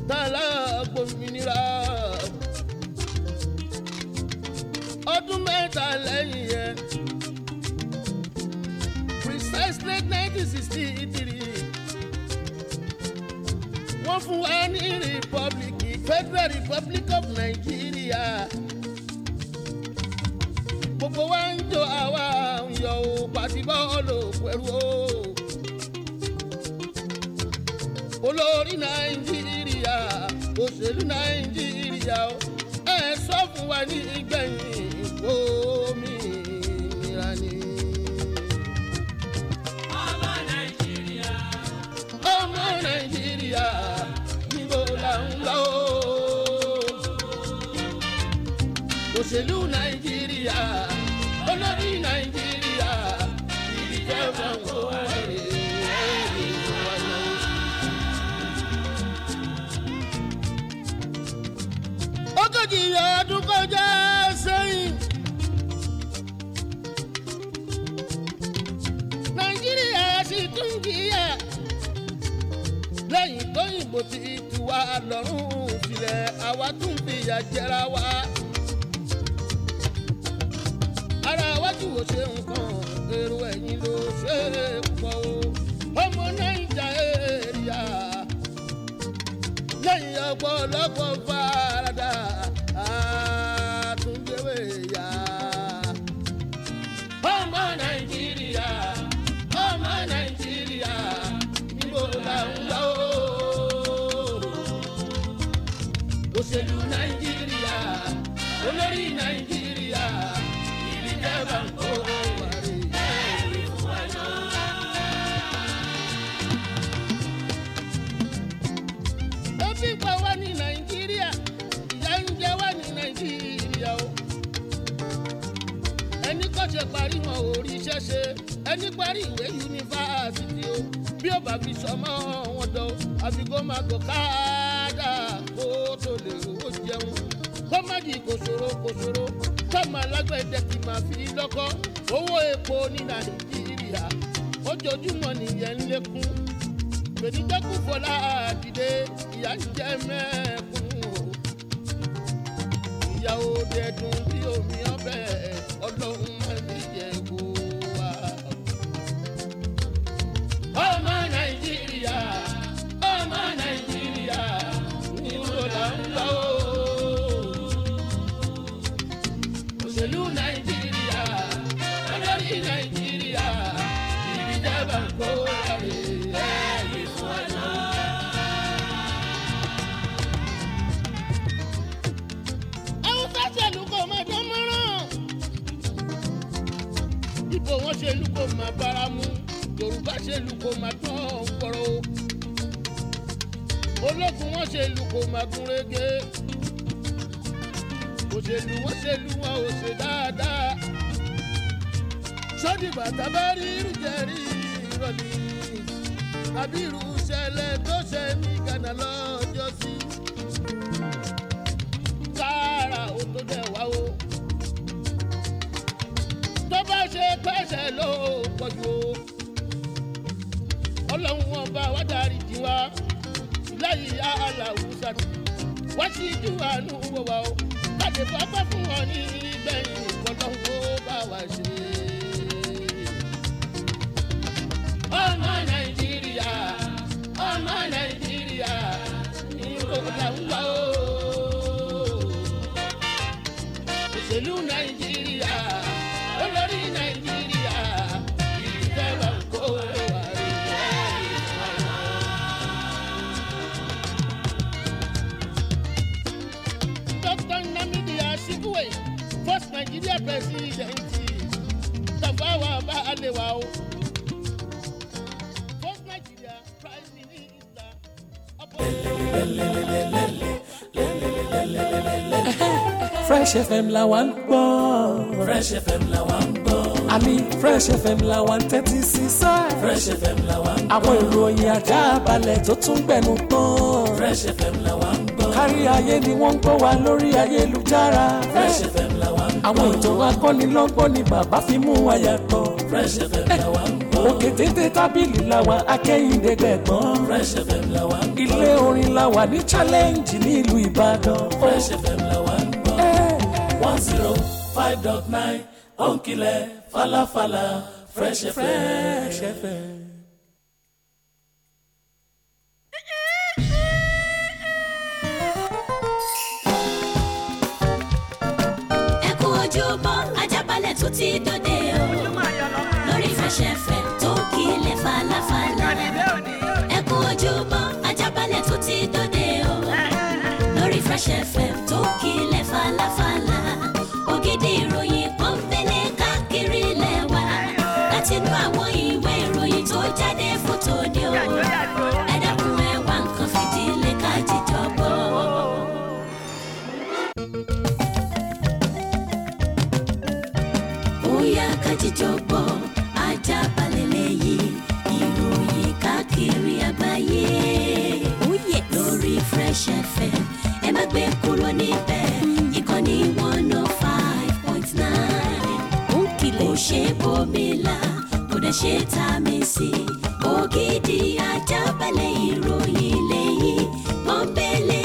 tààlà gbòmìnira ọdún mẹ́ta lẹ́yìn yẹn precisely 1963 wọ́n fún wa ní republic Federal Republic of Nigeria gbogbo wa ń jó àwa ń yọ o pàṣípọ́ọ̀lù pẹ̀lú o. olórí nàìjíríà òṣèlú nàìjíríà o ẹ sọ fún wa ní ìgbẹ̀yìn o. òṣèlú jìyà ọdún kọjá sẹ́yìn. nàìjíríà sì tún jìyà lẹ́yìn tóyìnbó ti tù wá lọ́rùn filẹ̀ àwa tún fìyà jẹra wa. ara wájú wo ṣe nǹkan èrò ẹ̀yìn ló ṣe pọ̀ o ọmọ nàìjà èrìà lẹ́yìn ọgbọ́n ọlọ́gbọ́n fàradà. ẹni parí ìwé yunifásitì o bí ó bá fi sọmọ wọn dọ àbíkó máa gò káàdà kó tó lè owó jẹun kó má di kòsòrò kòsòrò tọ́mọ alágbẹ̀dẹ kì máa fi lọ́kọ́ owó epo ní nàìjíríà ojoojúmọ́ nìyẹn ń lékún fọlá ìyá omi bó wọ́n ṣe lù kó máa bára mu yorùbá ṣe lù kó máa tán ọ̀pọ̀rọ̀ o ológun wọ́n ṣe lù kó máa gún régé òṣèlú wọ́n ṣe lù wọn ò ṣe dáadáa sọ́dí bàtà bá ìrọ̀lì tàbí irú ṣẹlẹ̀ tó ṣe ní Gánà lọ́ọ́. ṣe pẹ́ṣẹ̀ ló pọ̀ jù o ọlọ́run ọba wa dárí jì wá láyé aláwù sàdù wá sí ju àánú wọ̀ o láti bá fún ọ ní gbẹ̀yìn ọlọ́run ó wa ṣe. sí ilẹ̀ ń tì tàbí àwa bá a lè wà o. Fresh FM la wa ń gbọ́. Fresh FM la wa ń gbọ́. àmì Fresh FM la wa ń tẹ́tí sí sá. Fresh FM la wa ń gbọ́. àwọn ìròyìn ajá balẹ̀ tó tún gbẹnu tán. Fresh FM la wa ń gbọ́. kárí ayé ni wọ́n ń gbọ́ wa lórí ayélujára. Fresh FM àwọn ètò akọ́nilọ́gbọ́n ni bàbá fi mú wa yàtọ̀. Fresh FM la wa ń gbọ́. òkè téńté tábìlì la wa akẹ́yìndé Fresh FM la ń gbọ́. ilé orin la ní challenge ní ìlú Ìbàdàn. Fresh FM la ń gbọ́. one zero five dot nine òǹkìlẹ̀ falafala Fresh FM. Fresh FM. Fresh FM tó kílẹ̀ falafala. ẹ kú ojúmọ́ ajábalẹ̀ tó ti dòde o. lórí Fresh FM tó kílẹ̀ falafala. ògidì ìròyìn kan fẹ́lẹ̀ káàkiri lẹ́wà. láti inú àwọn ìwé ìròyìn tó jáde fún tòde o. ẹ dákun nǹkan fìdílé ká jíjọ gbọ́. Ajaabale lẹ́yìn ìròyìn káàkiri àgbáyé. Ó oh yẹ lórí Fresh FM ẹ má gbé kúrò níbẹ̀ one oh five point nine. Ó kìlẹ̀ kò ṣe bómi la kò dẹ̀ ṣe tá a mi sí. Ògidì Ajaabale ìròyìn lẹ́yìn pọ́npẹ́lẹ́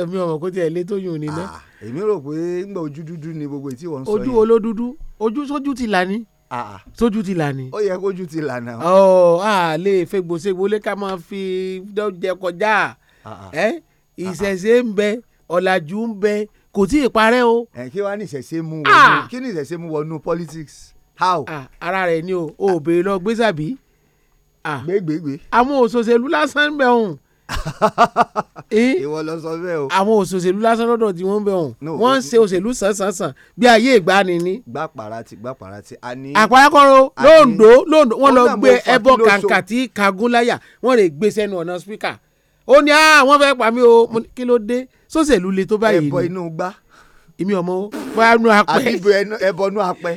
èmi ò mọ̀ kó tiẹ̀ lé tóyún ni ná. Ah, èmi rò pé ńgbà ojú dúdú ni gbogbo ètí wọn sọ yẹn. ojú olódúdú ojú sójú ti là ní ah, ah. sójú ti là ní. ó yẹ kójú ti là náà. ọ oh, a lè fẹgbọsẹgbọ lè ká máa fi jẹ kọjá ẹ ìṣẹ̀ṣe ń bẹ ọ̀làjú ń bẹ kò tí ì parẹ́ o. ẹ kí wàá ní ìṣẹ̀ṣe mú wọnú kí ní ìṣẹ̀ṣe mú wọnú politics how. ara rẹ ni o ò béèrè lọ gbé sàbí. gbégbégbé. àwọn òṣòṣèlú lásán ń bẹ̀ ọ̀hún <laughs> Eh? ìwọ lọ sọ bẹ́ẹ̀ o. àwọn òṣèlú lásán lọ́dọ̀ tí wọ́n ń bẹ̀ ọ̀hún wọ́n ń ṣe òṣèlú sàn-sàn-sàn bí ayé ìgbani ni. gbà para ti gbà para ti a ní. àpárákọ́rọ́ lóńdó lóńdó wọ́n lọ gbé ẹbọ kàǹkà tí kagún láyà wọ́n lè gbé sẹ́nu ọ̀nà spíkà ó ní àwọn ah, fẹ́ pa mí o kí ló dé sóṣèlú le tó báyìí ni. ẹbọ inú gbá. èmi ọmọ bá nu apẹ. àbíbo ẹbọ nu apẹ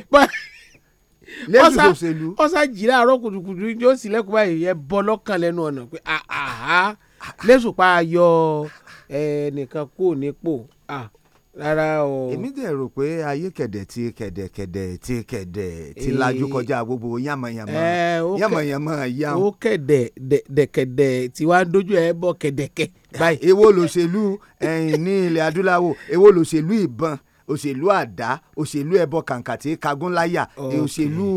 lẹ́sùn òṣèlú. ọ̀sà jìlá àárọ̀ kùtùkùtù yóò sílẹ̀kùn báyìí ẹ bọ́ lẹ́sùpá yọ ẹnìkan kúrò nípò rárá o. èmi dẹ̀ rò pé ayé kẹ̀dẹ̀ ti kẹ̀dẹ̀ kẹ̀dẹ̀ ti kẹ̀dẹ̀ ti eh, lajú kọjá gbogbo yàmàyàmà eh, yàmàyàmà yà. ó kẹ̀dẹ̀ dẹ̀kẹ̀dẹ̀ tí wàá dojú ẹ̀ bọ̀ kẹ̀dẹ̀kẹ̀ báyìí. èwo lòṣèlú ẹ̀yìn eh, ní ilẹ̀ adúláwọ̀ èwo lòṣèlú ìbọn òṣèlú àdá òṣèlú ẹbọ kàǹkà tí kagúnláyà òṣèlú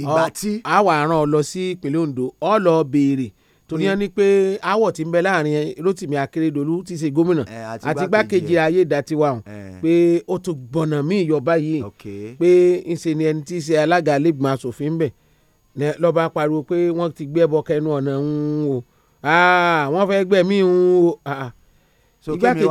ìgbà tí. a wà rán ọ lọ sí ìpínlẹ̀ Ondo ọ lọ béèrè tó ní ẹni pé aáwọ̀ tí ń bẹ láàrin Rotimi Akeredolu ti ṣe gómìnà àti igbákejì Ayédatiwa hàn pé ó tún gbọ̀nà míì yọ báyìí pé ń ṣe ni ẹni tí í ṣe alága lẹ́gbọ̀n asòfin bẹ̀ lọ́ba pariwo pé wọ́n ti gbé ẹbọ kẹnu ọ̀nà ń o wọ́n fẹ́ gbẹ̀mí ń o igbákejì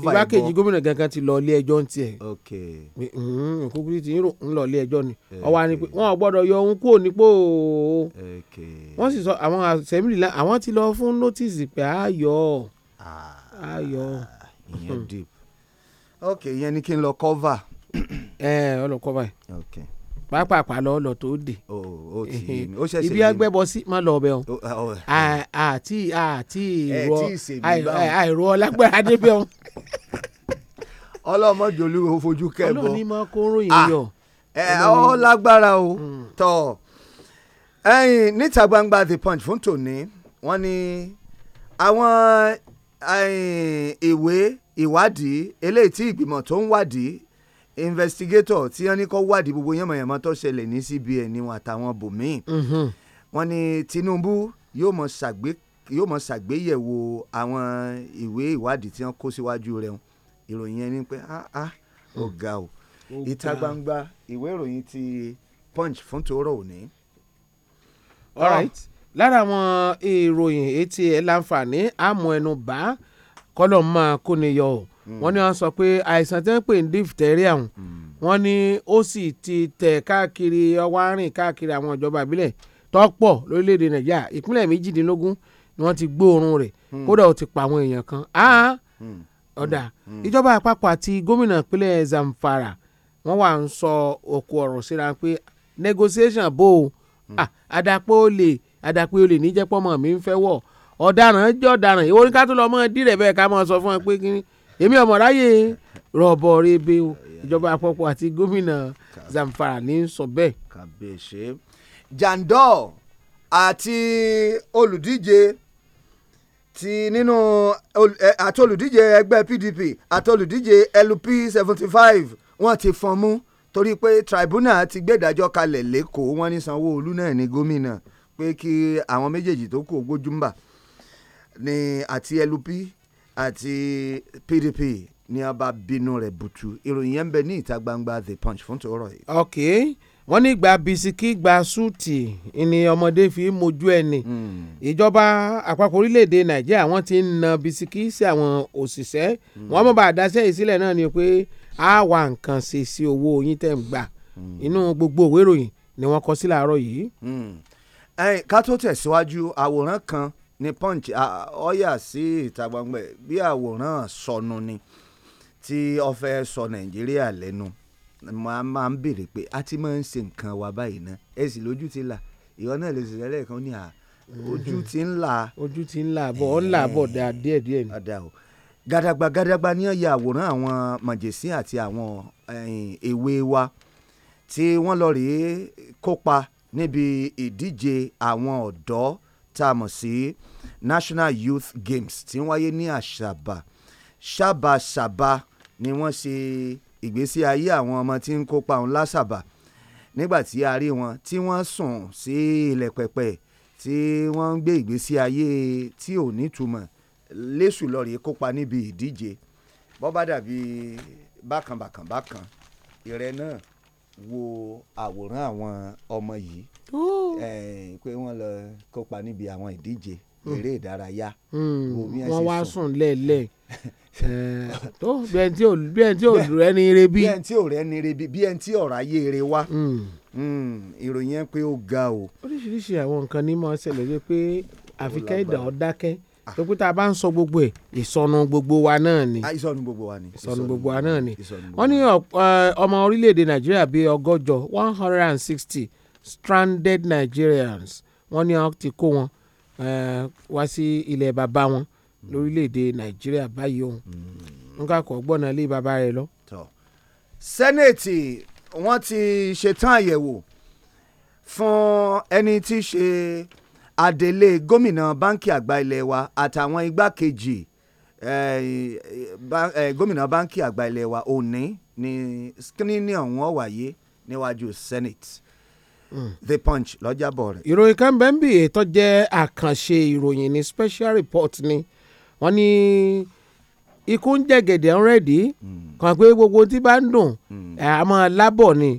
igbákejì gómìnà gangan ti lọ ilé ẹjọ́ ní tiẹ̀ mm-hmm, nkúkúrú ti ń ń lọ ilé ẹjọ́ ni ọwọ́ àni pé wọ́n gbọ́dọ̀ yọ ohun kúrò nípò wọ́n sì sọ àwọn assembly la àwọn ti lọ fún notice pé a yọ ah. ìyẹn deep ok ìyẹn ni kí n lọ cover. ẹ eh, ọ lọ cover. okay pápápá lọ lọ tó dé ibi agbẹ́bọ sí má lọ ọbẹ̀ o àti àti ìrọ àìrọ lágbára débẹ̀ o. <laughs> ọlọmọjòlú ò fojú kẹbọ ọlọ́ọ̀ni máa kó ròyìn ah, yọ. ọ lágbára o mm. tọ ẹyin níta gbangba the punch fún tòní wọ́n ní àwọn ìwé ìwádìí eléyìí tí ìgbìmọ̀ tó ń wádìí investigator tí wọ́n ní kó wádìí gbogbo yánmọ̀yánmọ́ tó ṣẹlẹ̀ ní CBN ni wọn àtàwọn bòmíì mhm. wọ́n ní Tinubu yóò mọ̀ ṣàgbé yóò mọ̀ ṣàgbéyẹ̀wò àwọn ìwé ìwádìí tí wọ́n kó síwájú rẹ̀ ìròyìn yẹn ni pé ah ah ó ga o ìta gbangba ìwé ìròyìn ti punch fún tòórọ òní. alright lára àwọn ìròyìn etí ẹ̀ láǹfààní àmọ́ ẹnu bá kọ́lọ̀ máa kóni yọ ọ́ Mm. wọ́n ní wọ́n sọ pé àìsàn tí wọ́n pè ní diphtheria ọ̀hún mm. wọ́n ní ó sì ti tẹ̀ káàkiri ọwọ́ arìn káàkiri àwọn ìjọba ìbílẹ̀ tọ́pọ̀ lórílẹ̀‐èdè nàìjíríà ìpínlẹ̀ méjìdínlógún ni wọ́n ti gbóòórùn rẹ̀ mm. kódà ó ti pa àwọn èèyàn kan ọ̀dà ìjọba àpapọ̀ àti gómìnà ìpínlẹ̀ Zamfara wọ́n wà ń sọ òkú ọ̀rọ̀ síra pé negotiation bò ó àdàpọ̀ olè àdàpọ̀ olè níjẹ́pọ̀ mọ̀ mi ń fẹ́ wọ̀ ọ̀daràn jọ̀daràn ìwọ ní ká tó lọ́ọ́ mọ́ dírẹ̀ bẹ́ẹ̀ ká mọ́ sọ fún ẹ pé kínní èmi ọmọ ráyè rọ̀bọ̀ rebe o ìjọba àpapọ̀ àti gómìnà Zamfara ní sọ bẹ́ẹ̀. kàbíyèsí jandor àti olùdíje ti nínú àti olùdíje ẹgbẹ́ PDP àti olùdíje LP seventy five wọ́n ti fọ́n mú torí pé tribunal ti gbẹ́dájọ́ kalẹ̀ lẹ́kọ̀ọ́ wọ́n ní Sanwó-Olú náà ní gómìnà pé kí àwọn méjèèjì tó kù ogójúmbà ni àti LP àti PDP ni a bá bínú rẹ̀ bùtù ìròyìn yẹn ń bẹ ní ìta gbangba the punch fún tòórọ yìí. ok wọ́n ní gba bisikí gba súùtì ni ọmọdé fi mojú ẹni hmm. ìjọba àpapọ̀ orílẹ̀‐èdè nàìjíríà wọ́n ti ń na bisikí sí àwọn òṣìṣẹ́ hmm. wọ́n mọ̀ bá àdáṣẹ́ ìsílẹ̀ náà ni pé a wà nǹkan ṣe sí owó yín tẹ̀ ń gbà hmm. inú gbogbo òwe ìròyìn ni wọ́n kọ sí làárọ̀ yìí. ká tó tẹ̀síwájú àwòrán kan ní punch ọ̀yà sí ìta gbangba bí àwòrán sọnù ni tí ó fẹ́ sọ nàìjíríà lẹ́nu màá máa ń béèrè pé a ti máa ń ṣe nǹkan wa báyìí ná ẹ sì lójú ti là ìwọ náà lè ṣe lẹ́lẹ́kan ní à ojú ti ń là. <laughs> ojú ti ń là bọ̀ ọ́ ń là bọ̀ dáa díẹ̀ díẹ̀ ni. gàdàgbà gàdàgbà ni ó àwòrán àwọn màjèsín àti àwọn èwe wa tí wọ́n lọ rèé kópa níbi ìdíje àwọn ọ̀dọ́ tá a mọ̀ sí National Youth Games tí ń wáyé ní àṣàbà ṣàbàṣàbà ni wọ́n ṣe ìgbésí ayé àwọn ọmọ tí ń kópa òun lásàbà nígbà tí a rí wọn tí wọ́n sùn sí ilẹ̀ pẹ̀pẹ̀ tí wọ́n ń gbé ìgbésí ayé tí ò nítumọ̀ lésù lọ́ọ̀rì kópa níbi ìdíje bọ́ bá dàbí bákan bákan bákan ìrẹ náà wo àwòrán àwọn ọmọ yìí pé wọ́n lọ kópa níbi àwọn ìdíje hmm. eré ìdárayá. Hmm. wọ́n wá sùn lẹ́ẹ̀lẹ́ <laughs> tó bí ẹni tí ò bí ẹni tí ò <laughs> rẹ́ni ire bí. bí ẹni tí ò rẹ́ni ire bí bí ẹni tí ọ̀rọ̀ ayé ire wá. Hmm. ìròyìn yẹn pé ó ga o. oríṣiríṣi àwọn nǹkan ní máa ń ṣẹlẹ̀ wí pé àfikẹ́ ìdá ọ̀ dákẹ́ tó pé tá a bá ń sọ gbogbo ẹ̀ ìsọnù gbogbo wa náà ni. Ah, ìsọnù gbogbo wa ni. ìsọnù gbogbo wa náà ni. wọ́n ní ọmọ orílẹ̀-èdè nàìjíríà bíi ọgọ́jọ one hundred and sixty stranded Nigerians wọ́n ní wọ́n ti kó wọn wá sí ilẹ̀ bàbá wọn lórílẹ̀‐èdè Nàìjíríà báyìí òun hmm. nǹkan kọ̀ gbọ́nà lé bàbá rẹ̀ lọ. sẹ́nẹ̀tì wọ́n ti ṣetán àyẹ̀wò fún ẹni tí í ṣe adelé gómìnà báńkì àgbà ilé wa àtàwọn igbákejì gómìnà báńkì àgbà ilé wa òní ni screening ọ̀hún ó níwájú senate the punch lọ́jàbọ̀ rẹ̀. ìròyìn kan bẹ́ẹ̀ ń bì ètò jẹ́ àkànṣe ìròyìn ní special report ni wọ́n ní ikú ń jẹ̀gẹ̀dẹ̀ ọ̀rẹ́dì hmm. kan pé gbogbo tí bá ń dùn àmọ́ hmm. lábọ̀ ni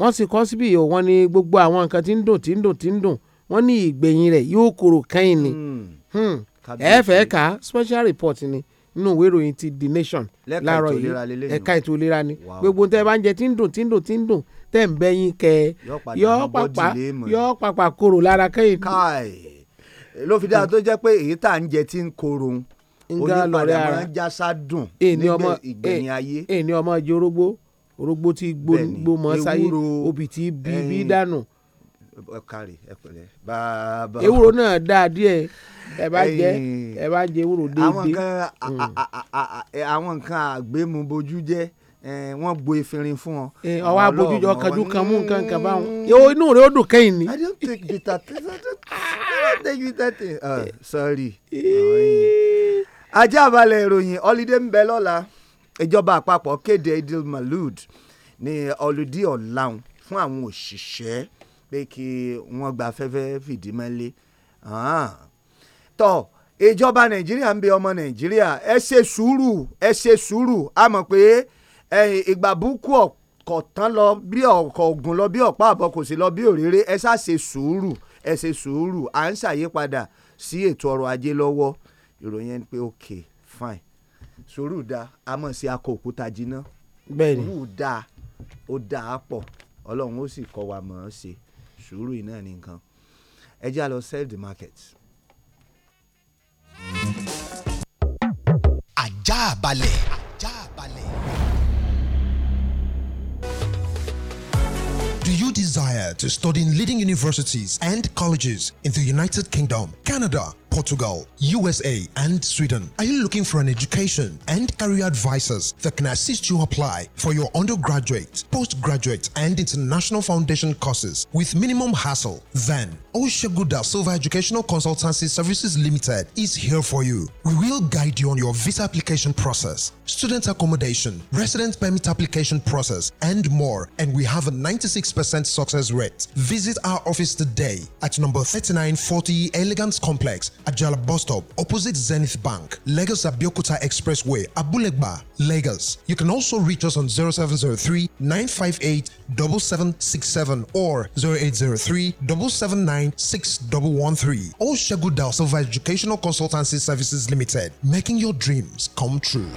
wọ́n sì kọ́ síbi ìhò wọn ni gbogbo àwọn nǹkan tí ń dùn tí ń dùn tí ń dùn wọ́n ní ìgbẹ̀yìn rẹ̀ yóò korò kẹ́yìn ni hmm. ẹ̀ẹ́fẹ̀ẹ́ ká special report ni nínú ìwé ìròyìn ti The Nation láàárọ̀ yìí ẹ̀ka ètò ìlera ni gbogbo tẹ́ ẹ bá ń jẹ tí ń dùn tí ń dùn tí ń dùn tẹ̀ ń bẹ́yìn kẹ yọ pàpà yọ pàpà koro lára kẹ́yìn. káì ló fi dáa tó jẹ́ pé èyí tá à ń jẹ ti ń koro onípadà máa ń jásá dùn nígbà ìgbẹ̀yìn ayé. èyí ọmọ jorógbó orógbó gbó mọ́ tí bí bí dànù ewúro náà díẹ̀ ẹ bá jẹ ẹ àwọn nǹkan Eh, wọ́n bo efirin fún ọ. Eh, ọwọ́ abojújọ ọkànjú kan mú nǹkan kan báwọn inú rẹ̀ ó dùn kẹ́yìn ni. i don't take bitter taste i don't take bitter taste. Uh, sorry. ajá balẹ̀ ìròyìn holiday ń bẹ lọ́la ìjọba àpapọ̀ kéde idil malud ní ọlùdí ọ̀làun fún àwọn òṣìṣẹ́ pé kí wọ́n gba afẹ́fẹ́ fìdímọ́lé ah. tọ́ ìjọba nàìjíríà ń bẹ ọmọ nàìjíríà ẹ ṣe sùúrù ẹ ṣe sùúrù a mọ̀ pé ìgbà búkú ọkọ̀ tán lọ bí ọkọ̀ ògùn lọ bí ọ̀pá àbọ̀ kò sí lọ bí òréré ẹ ṣáà ṣe sùúrù ẹ ṣe sùúrù à ń ṣàyípadà sí ètò ọrọ̀ ajé lọ́wọ́ ìròyìn ẹni pé ok fine sùúrù da a mọ̀ sí akọ òkúta jiná sùúrù da ó da á pọ̀ ọlọ́run ó sì kọ́ wa mọ̀ ọ́n ṣe sùúrù iná ní ẹ já lọ sell the market. ajá balẹ̀. ajá balẹ̀. Do you desire to study in leading universities and colleges in the United Kingdom, Canada, Portugal, USA, and Sweden. Are you looking for an education and career advisors that can assist you apply for your undergraduate, postgraduate, and international foundation courses with minimum hassle? Then, Oshaguda Silver Educational Consultancy Services Limited is here for you. We will guide you on your visa application process, student accommodation, resident permit application process, and more. And we have a 96% success rate. Visit our office today at number 3940 Elegance Complex, Ajala Bus Stop, opposite Zenith Bank, Lagos Abiyokuta Expressway, Abulegba, Lagos. You can also reach us on 0703 958 or 0803 779 6113. Silva Educational Consultancy Services Limited, making your dreams come true.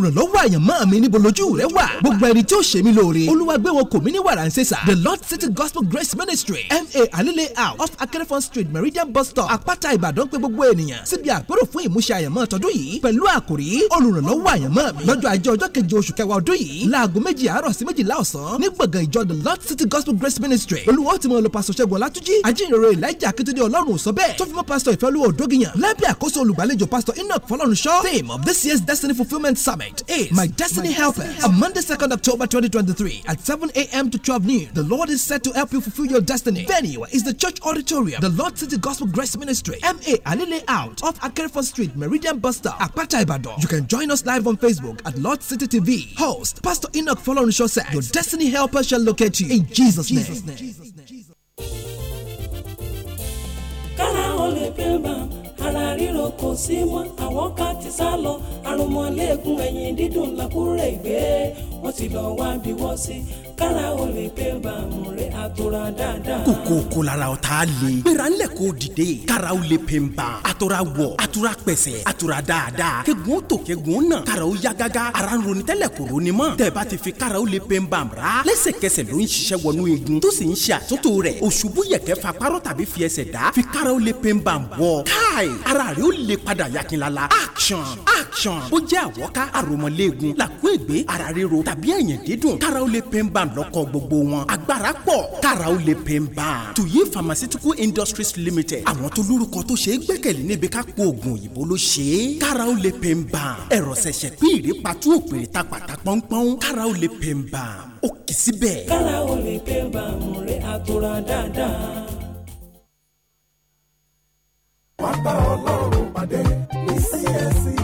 olùrànlọ́wọ́ àyànmọ́ mi níbo lójú rẹ wà gbogbo ẹni tí ó ṣe mí lóore olúwa gbé wọn kò mí ní wàrà ń ṣe sà the lord city gospel grace ministry ma alele house off akẹ́rẹ́fọ́n street meridian bus stop àpáta ìbàdàn pé gbogbo ènìyàn síbi àpérò fún ìmúṣẹ àyànmọ́ tọdún yìí pẹ̀lú àkòrí olùrànlọ́wọ́ àyànmọ́ mi lọ́jọ́ ajé ọjọ́ keje oṣù kẹwàá ọdún yìí láago méjì àárọ̀ sí méjìlá ọ̀sán ní gbọ̀ngàn ìjọ the lord city gospel grace ministry olúwa ó ti mọ lọ pásọ ṣẹ́gun ọlátújì ajínrere elijah akitunde ọlọ́run sọ bẹ́ẹ̀ tó fi mọ́ pásọ ìfẹ́ olúwa òdógìyàn lábẹ́ àkóso olùgbàlejò pásọ enoch fọlọ́runṣọ́ theme of this year's destiny fulfilment summit event is My Destiny Helper on Monday, 2nd October 2023 at 7 a.m. to 12 noon. The Lord is set to help you fulfill your destiny. Venue is the Church Auditorium, the Lord City Gospel Grace Ministry, MA Alile Out off Akereford Street, Meridian Buster, Akpata Ibadan. You can join us live on Facebook at Lord City TV. Host Pastor Enoch Folorunsho says, Your Destiny Helper shall locate you in Jesus' name. Jesus name. Jesus name. ara ríro kò sí mọ́ àwọn ká ti sá lọ àrùnmọ́lẹ́gùn ẹ̀yìn dídùn làkúrẹ́ ìgbé wọ́n ti lọ́ọ́ wá bí wọ́n sí kára o lè pé bàmù rẹ̀ àtòrà dáadáa. kòkó lára o le. gbéra ńlẹ̀ k'o dìde. kára o lè pè n ban. àtòrà wọ̀ àtòrà pẹ̀sẹ̀ àtòrà dáadáa. kegun tó kegun nà. kára o ya gágá. ara ń ronú tẹ́lẹ̀ kò ronú mọ́. tẹ̀bá ti fi kára o lè pè n ban ra. lẹ́sẹ̀kẹsẹ̀ ló ń ṣiṣẹ́ wọnú igun. tó sì ń ṣe àtúntò rẹ̀. òṣùbù yẹ̀kẹ́ fa párọ̀ tàbí fi ẹsẹ̀ dá. fi kára o lè pè n ban bọ̀. káì báyìí ara rẹ̀ ó lè padà yakinlala action action bó jẹ́ àwọ̀ká àròmọ̀léegun làkúègbé ara ríro tàbí ẹ̀yìn dídùn kára ó lè pè ń bá lọ́kọ̀ gbogbo wọn agbára pọ̀ kára ó lè pè ń bá. tuyi pharmaceutical industries limited àwọn tó lórúkọ tó ṣe é gbẹ́kẹ̀lé níbi ká kó oògùn òyìnbó ló ṣe é kára ó lè pè ń bá ẹ̀rọ ṣẹ̀ṣẹ̀ pín ìrèpàtú òpèrè tapàtà pọ́npọ́n kára ó lè pè ń bá ó kì í síbẹ̀. kára ó lè pè ń bá mú rẹ̀ àtòrà dáadáa wàá bá ọlọ́run pàdé ní CAC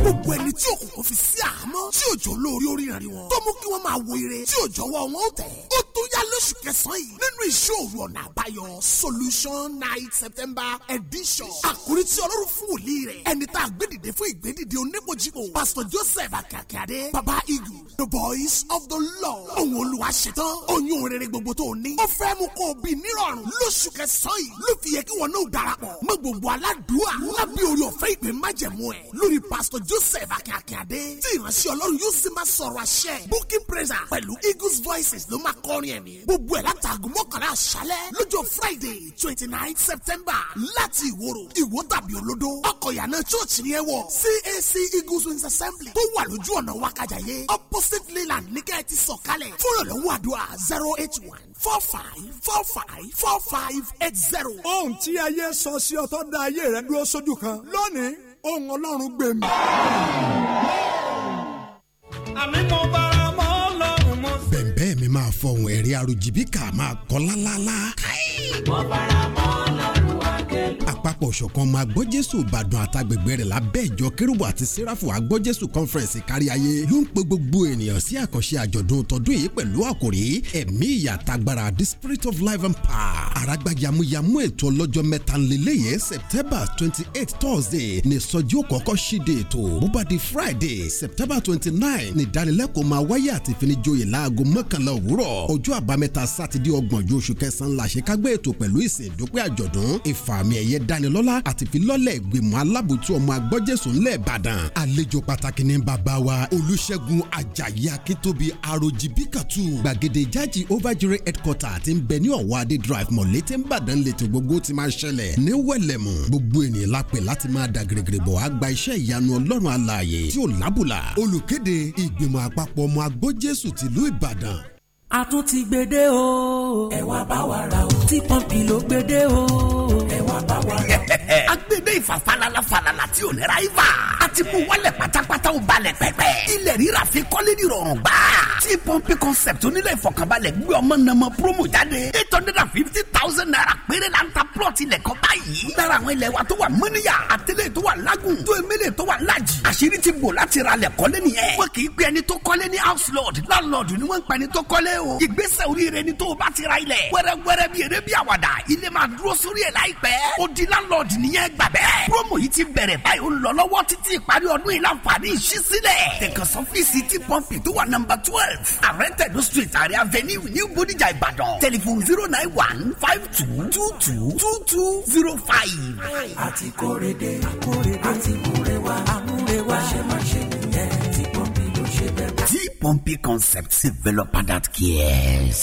gbogbo ẹni tí òkùnkùn fi sí àhámọ́ tí òjò lórí orí rẹ̀ wọn tó mú kí wọ́n máa wo ire tí òjò wọ wọn tẹ̀. ó tó yá lóṣù kẹsàn-án yìí nínú ìṣòro ọ̀nà àbáyọ solution night september edition. àkòrí tí ọlọ́run fún wòlíì rẹ̀ ẹni tá a gbé dìde fún ìgbédìde onímọ̀jìmọ̀ pastor joseph akíakíade baba eagle the voice of the lord. òun olùwà ṣetán oyún òrèrè gbogbo tó ní. ó fẹ́ mú kó o bí nírọ̀rùn lóṣù kẹsàn-án yìí ló fi yẹ kí wọn náà darapọ̀ mọ́ gbogbo aládùúrà lábẹ́ orí ọ̀fẹ́ ìpè májẹ̀mú ẹ̀ lórí pastor Joseph akíakíadé tí ìránṣẹ́ ọlọ́run yóò sì máa sọ̀rọ̀ àṣẹ booking prayer pẹ̀lú eagles voices ló máa kọrin ẹ̀mí gbogbo ẹ̀ látàgò mọ́kànlá àṣálẹ́ lọ́jọ́ friday twenty nine september láti ìwòrò ìwò tàbí olódó ọkọ̀ ìyànà church ni ẹ wọ̀ cac eagles wings assembly tó wà lójú ọ̀nà wákàjáyé opposite leland ní kẹ́ ẹ ti sọ̀kalẹ̀ fúnra lọ́wọ́ àdúrà zero eight one four five four five four five eight zero. ohun tí ayé sọ sí ọtọ́ da ayé rẹ dúró sójú kan lónìí ohun ọlọ́run gbé mi. àmì mo bára mọ́ ọlọ́run mọ́. bẹ̀ẹ̀ bẹ́ẹ̀ mi máa fọhùn ẹ̀rí arojìbíkà máa kọ́ lálálá. mo bára mọ́ àpapọ̀ ṣọ̀kan ọmọ agbọ́jésù ìbàdàn àtàgbègbè rẹ̀ lábẹ́ ìjọ kérúbù àti sẹ́ráfù agbọ́jésù conference káríayé ló ń pe gbogbo ènìyàn sí àkànṣe àjọ̀dún tọdún yìí pẹ̀lú àkòrí ẹ̀mí ìyàtàgbára the spirit of life and power àràgbà yamuyamu ètò ọlọ́jọ́ mẹ́tàlélẹ́yẹ september twenty eight thursday ní sọjí ó kọ́kọ́ ṣíde ètò búbadì friday september twenty nine ní ìdánilẹ́kọ̀ọ́ máa wáyé àti ìfinijoyè láago mọ́kànlá òwúrọ̀ ọjọ́ àbámẹ́ta sátidé ọgbọ̀njọ́ oṣù kẹsàn-án làṣekágbé ètò pẹ̀lú ìsìn ìdópẹ́ àjọ̀dún ìfàmì ẹ̀yẹ d ìdánilọ́lá àti ìfilọ́lẹ̀ ìgbìmọ̀ alábòtú ọmọ agbọ́jẹ̀sọ ńlẹ̀ ìbàdàn àlejò pàtàkì ní bàbá wa olùṣègùn àjàyí akíntóbi àròjìbíkàtù gbàgede jájì ovajire headquarter ti ń bẹ ní ọ̀wọ́ adé drive mọ̀lété ń bàdàn lẹ́tọ̀ gbogbo ti máa ṣẹlẹ̀ ní wẹ̀lẹ̀mù gbogbo ènìyàn la pè láti máa da gèrègèrè bọ̀ á gba iṣẹ́ ìyanu ọlọ́run alààyè tí ò lábùlà olùkéde ìgbìmọ̀ àpapọ̀ ọmọ agbọ́jẹ̀sọ tìlú ìbàdàn a tún ti gbede o. ẹ wá bá wa ra o. tí pọ́ǹpì ló gbede o. ẹ wá bá wa ra o. <laughs> ewébẹ̀ ìfàfàlàlà falala tí ò ní ra ibà. a ti mú wálẹ̀ pátápátá ó balẹ̀ pẹ́pẹ́. ilẹ̀ rírà fi kọ́lé ní rọrùn gbà. tí pọ́ńpì concept onílẹ̀ ìfọ̀kànbalẹ̀ gbé ọmọ nàmọ promo jáde. eight hundred and fifty thousand naira péré la ń ta plot ilẹ̀ kan báyìí. lára àwọn ilẹ̀ wa tó wà mọ́níyà àtẹlẹ́ tó wà lágùn tó emele tó wà lájì. àṣírí ti bò láti ra lẹ̀ nìyẹn. wọ́n kì í pe ẹni tó kọ́lé house lord landlord ni wọ́n ń pa o. ìgbésẹ̀ oríire ni tó o bá ti ra ilẹ̀. wẹ́rẹ́wẹ́rẹ́ bí eré bí àwàdà ilé máa dúró sórí ẹ̀ bẹ́ẹ̀. promo yìí ti bẹ̀rẹ̀ báyìí ó ń lọ lọ́wọ́ títí ìparí ọdún yìí láǹfààní ìṣí sílẹ̀. tẹ̀kọ̀sán fíìsì tí pọ́ǹpì tó wà nọ́mbà twelve arẹ́tẹ̀dù street àrẹ avenue new bodijà ìbàdàn Telephone zero nine one five two two two two two zero five. àti kórede àkórede àti múrewa àmúrewa ṣe má ṣe nìyẹn tí pọ́ǹpì ló ṣe bẹ̀rẹ̀. tí pọ́ǹpì concept developer that cares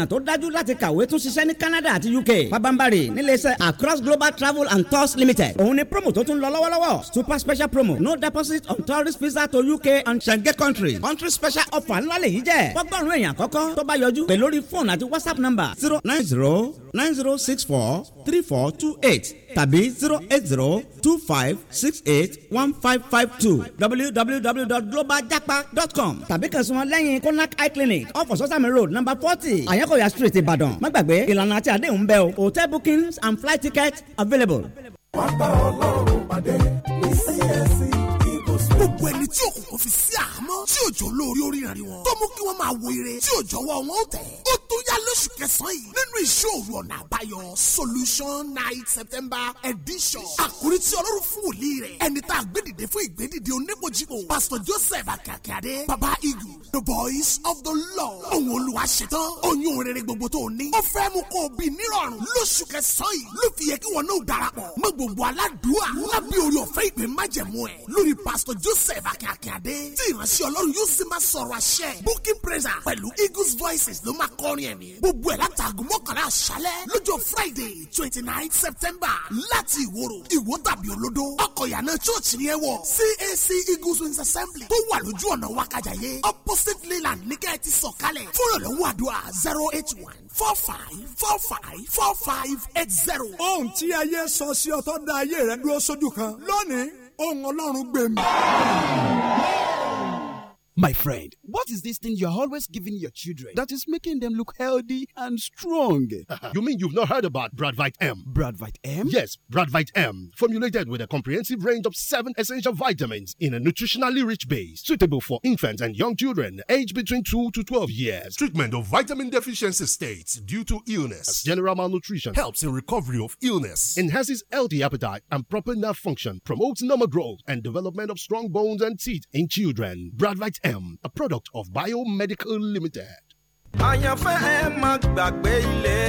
ọ̀nà tó dájú láti kàwé tún ṣiṣẹ́ ní Canada àti UK pabambari níléeṣẹ́ Across Global Travel and Tours Limited òun ni promo tó tún lọ lọ́wọ́lọ́wọ́ super special promo no deposit on tourist visa to UK and Schengen country country special offer ńlá lèyí jẹ́ fọ́gbọ́n èèyàn kọ́kọ́ tó bá yọjú pẹ̀lú orí fóònù àti WhatsApp number zero nine zero nine zero six four three four two eight tàbí zero eight zero two five six eight one five five two www.globaljapa.com tàbí kàn sí wọn lẹ́yìn konak eye clinic off ososami road number forty àyànkòyà street ìbàdàn má gbàgbé ìlànà àti àdéhùn bẹ́ẹ̀ o hotel bookings and flight tickets available. wọ́n bá ọlọ́run pàdé ní csc gbogbo ẹni tí òkùnkùn fi sí àhámọ́ tí òjò lórí orí rẹ̀ wọn tó mú kí wọ́n máa wo ire tí òjò wọ́ wọn ó tẹ̀. ó tó yá lóṣù kẹsàn-án yìí nínú ìṣòro ọ̀nà àbáyọ solution night september edition. àkórí tí ọlọ́run fún wòlíì rẹ̀ ẹni tá a gbé dìde fún ìgbédìde onígbòjìgbò pastor joseph akíakíade baba igu the voice of the lord. òun olùwà ṣetán oyún òrèrè gbogbo tó ní. ó fẹ́ mú kó o bí nírọ̀rùn lóṣù kẹsàn-án yìí ló fi yẹ kí wọn Joseph akíakíadé tí ìránṣẹ́ ọlọ́run yóò sì máa sọ̀rọ̀ àṣẹ booking prayer pẹ̀lú eagles voices ló máa kọrin ẹ̀mí gbogbo ẹ̀ látàgùn mọ́kànlá àṣálẹ́ lọ́jọ́ friday twenty nine september láti ìwòrò ìwò tàbí olódó ọkọ̀ ìyànà church ni ẹ wọ̀ cac eagles wings assembly tó wà lójú ọ̀nà wákàjáyé opposite leland ní kẹ́ ẹ ti sọ̀kalẹ̀ fún ìrànlọ́wọ́ àdúrà zero eight one four five four five four five eight zero. ohun tí ayé sọ sí ọtọ́ da ayé rẹ dúró sójú kan lónìí ohùn ọlọ́run gbèmí. My friend, what is this thing you're always giving your children that is making them look healthy and strong? <laughs> you mean you've not heard about Bradvite M? Bradvite M? Yes, Bradvite M, formulated with a comprehensive range of seven essential vitamins in a nutritionally rich base, suitable for infants and young children aged between 2 to 12 years. Treatment of vitamin deficiency states due to illness, As general malnutrition, helps in recovery of illness, enhances healthy appetite and proper nerve function, promotes normal growth and development of strong bones and teeth in children. Bradvite M a product of Biomedical Limited. àyànfẹ́ ẹ má gbàgbé ilé.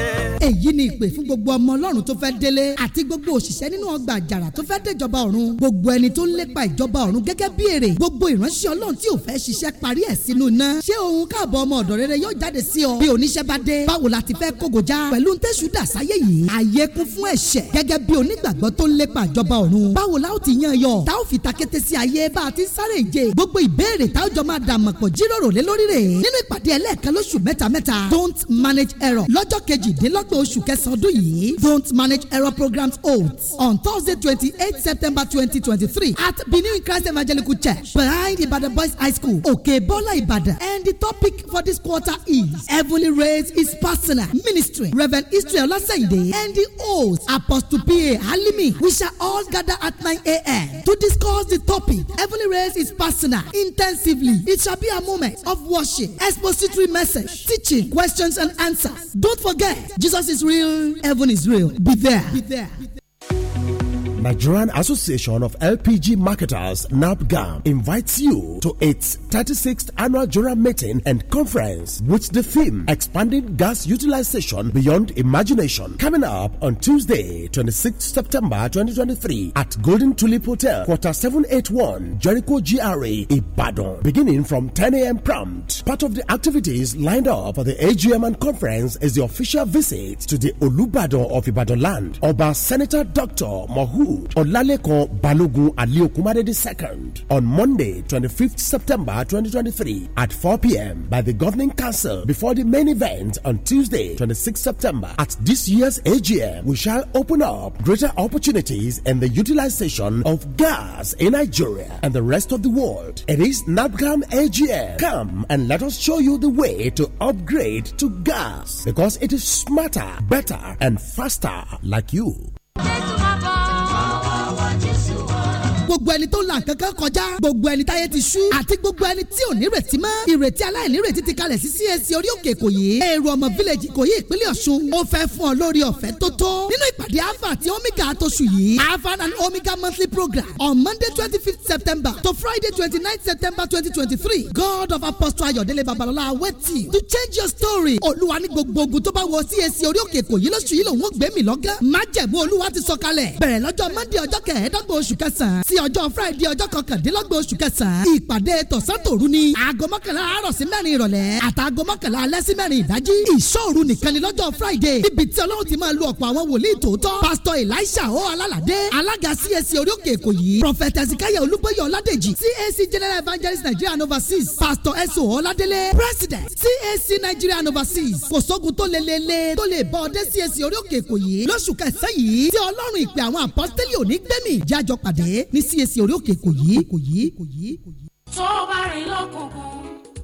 èyí ni ìpè fún gbogbo ọmọ ọlọ́run tó fẹ́ délé àti gbogbo òṣìṣẹ́ nínú ọgbà àjàrà tó fẹ́ déjọba ọ̀run gbogbo ẹni tó ń lépa ìjọba ọ̀run gẹ́gẹ́ bí èrè gbogbo ìránṣẹ́ ọlọ́run tí ò fẹ́ ṣiṣẹ́ parí ẹ̀ sínú iná ṣé ohun káàbọ̀ ọmọ ọ̀dọ̀ rere yóò jáde sí ọ bí oníṣẹ́ bá dé báwo la ti fẹ́ kógojá pẹ̀lú ntẹ́sù dàsáyé yìí àyè kún fún ẹ̀ṣẹ̀ gẹ́gẹ́ bí onígbàgbọ́ tó ń lépa ìjọba ọ̀run báwo la ó ti yan yọ tá ó fi takété sí ayé bá a ti sáré ìje gbogbo ìbéèrè tá ó jọ máa dàmọ̀pọ̀ jíròrò lé lórí rè nínú ìpàdé ẹlẹ́ẹ̀kan lóṣù mẹ́ mẹ́ta don't manage error lọ́jọ́ kejìdínlọ́gbọ̀n oṣù kẹsàn-án ọdún yìí don't manage error programs old. on thursday twenty eight september twenty twenty three at benin christ evangelical church behind ibadan boys high school Okay, okebola ibadan and the topic for this quarter is heavenly raise his personal ministry reverend israel olaseyinde and the host apostle pa halimi we shall all gather at nine a.m. to discuss the topic heavenly raise his personal intensively it shall be a moment of worship expository message teaching, questions and answers. Don't forget, Jesus is real, heaven is real. Be there. Be there. Be there. Nigerian Association of LPG Marketers, NAPGAM, invites you to its 36th annual general meeting and conference with the theme Expanding Gas Utilization Beyond Imagination. Coming up on Tuesday, 26th September 2023 at Golden Tulip Hotel, Quarter 781, Jericho GRA, Ibadan. Beginning from 10 a.m. prompt. Part of the activities lined up for the AGM and conference is the official visit to the Olubadan of Ibadan land. Oba Senator Dr. Mahu Road, Olaleko Balogun Ali Okumarede Second, on Monday, 25th September 2023 at 4 p.m. by the Governing Council before the main event on Tuesday, 26th September. At this year's AGM, we shall open up greater opportunities in the utilization of gas in Nigeria and the rest of the world. It is NAPGAM AGM. Come and let us show you the way to upgrade to gas because it is smarter, better, and faster like you. gbogbo ẹni tó la nǹkan kan kọjá gbogbo ẹni táyé ti sú àti gbogbo ẹni tí ò nírètí mọ́ ìrètí aláìnírètí ti kalẹ̀ sí CAC orí òkè Ìkòyí èrò ọmọ village Ìkòyí ìpínlẹ̀ Ọ̀ṣun ó fẹ́ fún ọ lórí ọ̀fẹ́ tó tó nínú ìpàdé alpha àti omega àtọ̀sù yìí alpha and omega monthly program on Monday twenty fifth September to Friday twenty ninth September twenty twenty three God of Apostle Ayọ̀délé Babalọ́lá awẹ́tì to change your story olúwa ní gbogbo ogun tó bá wọ CAC orí òkè Ìkòyí lóṣù yìí lòun ó gbé mi lọ́gán májẹ̀mú olúwa ti sọ kalẹ̀ bẹ̀rẹ̀ lọ́jọ́ Monday ọjọ́ kẹẹ̀ẹ́dọ́gbọ̀n oṣù kẹsàn-án sí ọjọ́ friday ọjọ́ kọkàndínlọ́gbọ̀n oṣù kẹsàn-án ìpàdé tọ̀sán-tòru ni aago mọ́kànlá àárọ̀ sí mẹ́rin ìrọ̀lẹ́ àtàgọ́ mọ́kànlá alẹ́ sí mẹ́rin ìdájí ìṣòru nìkan ni lọ́jọ́ friday níbi tí ọlọ́run ti máa lo ọ̀pọ̀ àwọn wòlíì tòótọ́ pásítọ̀ elisha o alálàdé alága cac orí òkè èkó yìí prophet ezekiel olúbóyè ọládèjì cac general evangelist nigeria overseas pastor eso ọládélé president cac nigeria overseas kò sógun tó lelele tó lè bọ́ ọdẹ cac orí òkè èkó yìí lóṣù kẹsàn-án yìí tí ọlọ́run ìpè àwọn àpọ́stélì cac orí òkè kò yí. tó bá rìn lọ́kùnkùn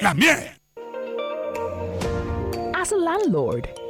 también. As a landlord.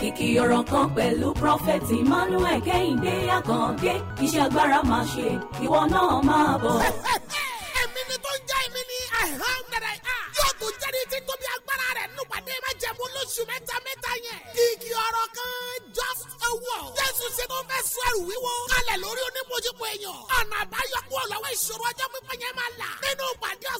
kìkì ọ̀rọ̀ kan pẹ̀lú prọfẹ̀tì Emmanuel Kẹ́hìndé Àkàndé iṣẹ́ agbára máa ṣe ìwọ náà máa bọ̀. ẹ̀mí ni tó ń jẹ́ ẹ̀mí ni àìhán dada yóò tún jẹ́ ní ti tóbi agbára rẹ̀ nípàdé májẹ̀mú lóṣù mẹ́ta mẹ́ta yẹn. kìkì ọ̀rọ̀ kan just a word. Jésù ṣe tó fẹ́ sọ ẹrù wíwo. Kálẹ̀ lórí onímọ̀júpọ̀ èèyàn. Ọ̀nà àbáyọ kúrò lọ́wọ́ ìṣòro ọjọ́ pípẹ́ yẹn